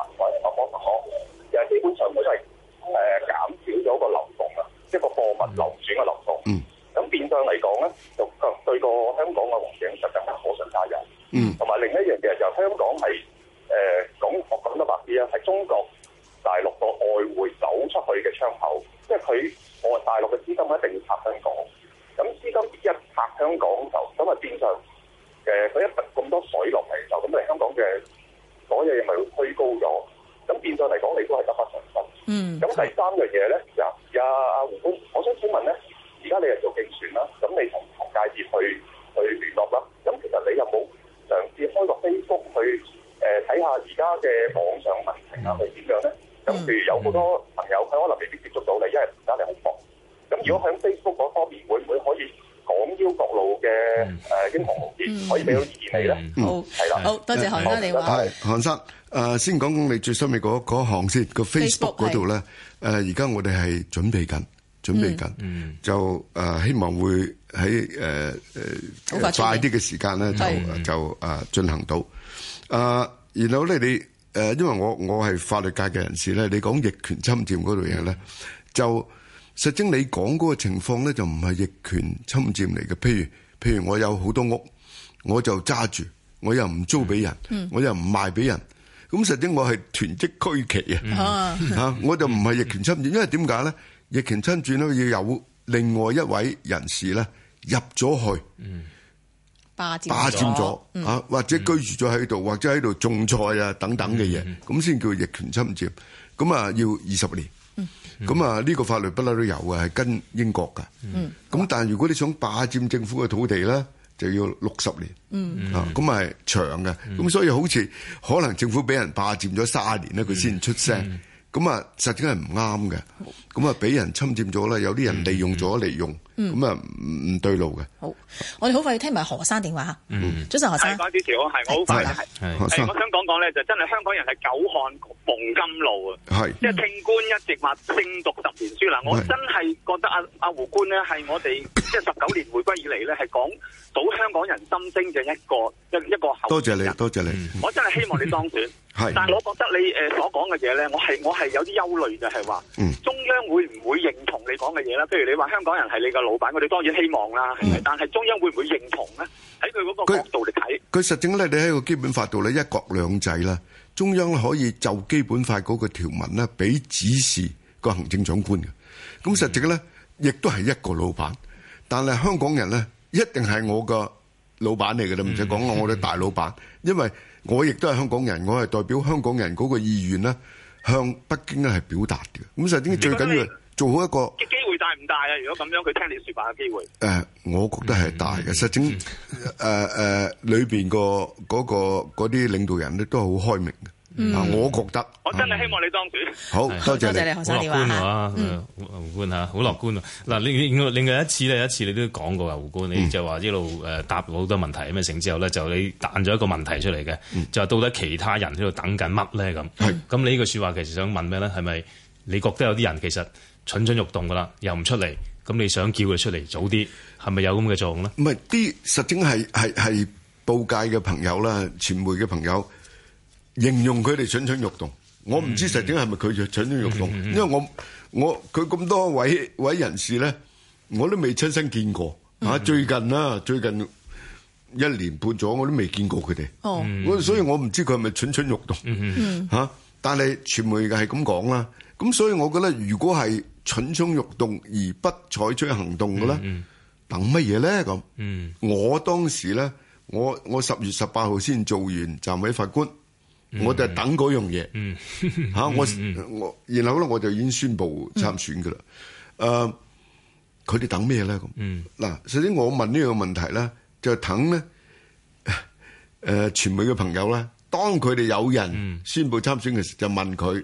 係，韓生，誒、呃，先講講你最深嘅嗰嗰行先，個 Facebook 度咧，誒是，而家、呃、我哋係準備緊，準備緊，mm. 就誒、呃、希望會喺誒誒快啲嘅時間咧就、mm. 就誒進行到，誒、呃、然後咧你誒、呃、因為我我係法律界嘅人士咧，你講逆權侵占嗰度嘢咧，mm. 就實情你講嗰個情況咧就唔係逆權侵占嚟嘅，譬如譬如我有好多屋，我就揸住。我又唔租俾人，我又唔賣俾人，咁實際我係囤積居奇啊！吓，我就唔係逆權侵占，因為點解咧？逆權侵占咧要有另外一位人士咧入咗去，霸占霸占咗啊！或者居住咗喺度，或者喺度種菜啊等等嘅嘢，咁先叫逆權侵占。咁啊，要二十年。咁啊，呢個法律不嬲都有嘅，係跟英國噶。咁但係如果你想霸占政府嘅土地咧？就要六十年，嗯，啊，咁咪長嘅，咁、嗯、所以好似可能政府俾人霸占咗三十年咧，佢先、嗯、出聲。嗯咁啊，實質係唔啱嘅。咁啊，俾人侵佔咗啦，有啲人利用咗，嚟用咁啊，唔唔對路嘅。好，我哋好快要聽埋何生電話。嗯，早晨何生。快啲嚟，我好快，我想講講咧，就真係香港人係久旱逢甘露啊！係，即係聽官一席話，勝讀十年書啦！我真係覺得阿阿胡官呢，係我哋即係十九年回歸以嚟咧，係講到香港人心聲嘅一個一一個。多謝你，多謝你。我真係希望你當選。係，但係我覺得你誒所講嘅嘢咧，我係我係有啲憂慮，就係話中央會唔會認同你講嘅嘢咧？譬如你話香港人係你嘅老闆，我哋當然希望啦，但係中央會唔會認同咧？喺佢嗰個角度嚟睇，佢實證咧，你喺個基本法度咧，一國兩制啦，中央可以就基本法嗰個條文咧俾指示個行政長官嘅。咁實證咧，亦都係一個老闆，但係香港人咧一定係我個老闆嚟嘅，你唔使講我我哋大老闆，因為。我亦都係香港人，我係代表香港人嗰個意願咧，向北京咧係表達嘅。咁實質最緊要做好一個。嘅機會大唔大啊？如果咁樣，佢聽你説話嘅機會。誒、呃，我覺得係大嘅。實質誒誒，裏邊、嗰個嗰啲領導人咧都係好開明嘅。我覺得我真係希望你當選。好，多是謝，謝你胡生電話啊！Mm. 胡官嚇，好樂觀啊！嗱，另另外一次咧，一次你都講過話胡官，mm. 你就話一路誒答好多問題咁樣，成之後咧，就你彈咗一個問題出嚟嘅，就話到底其他人喺度等緊乜咧咁？咁、mm. 你呢句説話其實想問咩咧？係咪你覺得有啲人其實蠢蠢欲動㗎喇，又唔出嚟，咁你想叫佢出嚟早啲，係咪有咁嘅作用咧？唔係啲實證係係係報界嘅朋友啦，傳媒嘅朋友。形容佢哋蠢蠢欲動，我唔知實際係咪佢蠢蠢欲動，mm hmm. 因為我我佢咁多位位人士咧，我都未親身見過。嚇、mm hmm. 啊，最近啦，最近一年半左右我都未見過佢哋。哦，我所以我唔知佢係咪蠢蠢欲動嚇、mm hmm. 啊，但係傳媒嘅係咁講啦。咁所以我覺得如果係蠢蠢欲動而不採取行動嘅咧，mm hmm. 等乜嘢咧咁？嗯，mm hmm. 我當時咧，我我十月十八號先做完，暫委法官。我就等嗰樣嘢，吓，我我然後咧，我就已經宣佈參選噶啦。誒，佢哋等咩咧咁？嗱，首先我問呢個問題啦，就等咧。誒，傳媒嘅朋友啦，當佢哋有人宣佈參選嘅時，就問佢：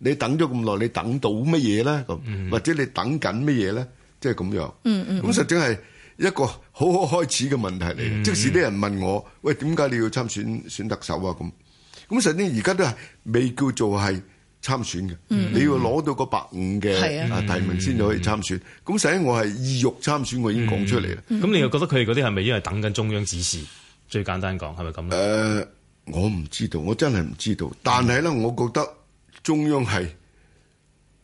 你等咗咁耐，你等到乜嘢？咧？咁或者你等緊乜嘢咧？即係咁樣。嗯嗯。咁實際係一個好好開始嘅問題嚟。即時啲人問我：喂，點解你要參選選特首啊？咁咁實際而家都係未叫做係參選嘅，嗯、你要攞到個百五嘅提名先至可以參選。咁、嗯、實際我係意欲參選，我已經講出嚟啦。咁、嗯嗯、你又覺得佢哋嗰啲係咪因為等緊中央指示？最簡單講係咪咁咧？誒，我唔知道，我真係唔知道。但係咧，我覺得中央係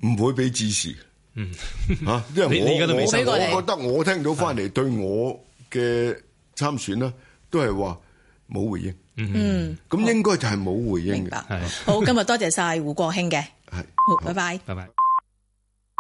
唔會俾指示嘅。嚇、嗯，因 為、啊就是、我 你都我覺得我聽到翻嚟對我嘅參選咧，都係話冇回應。嗯，咁、嗯、應該就係冇回應嘅。明白，係，好，今日多謝晒胡國興嘅。係， 好，拜拜，好拜拜。拜拜。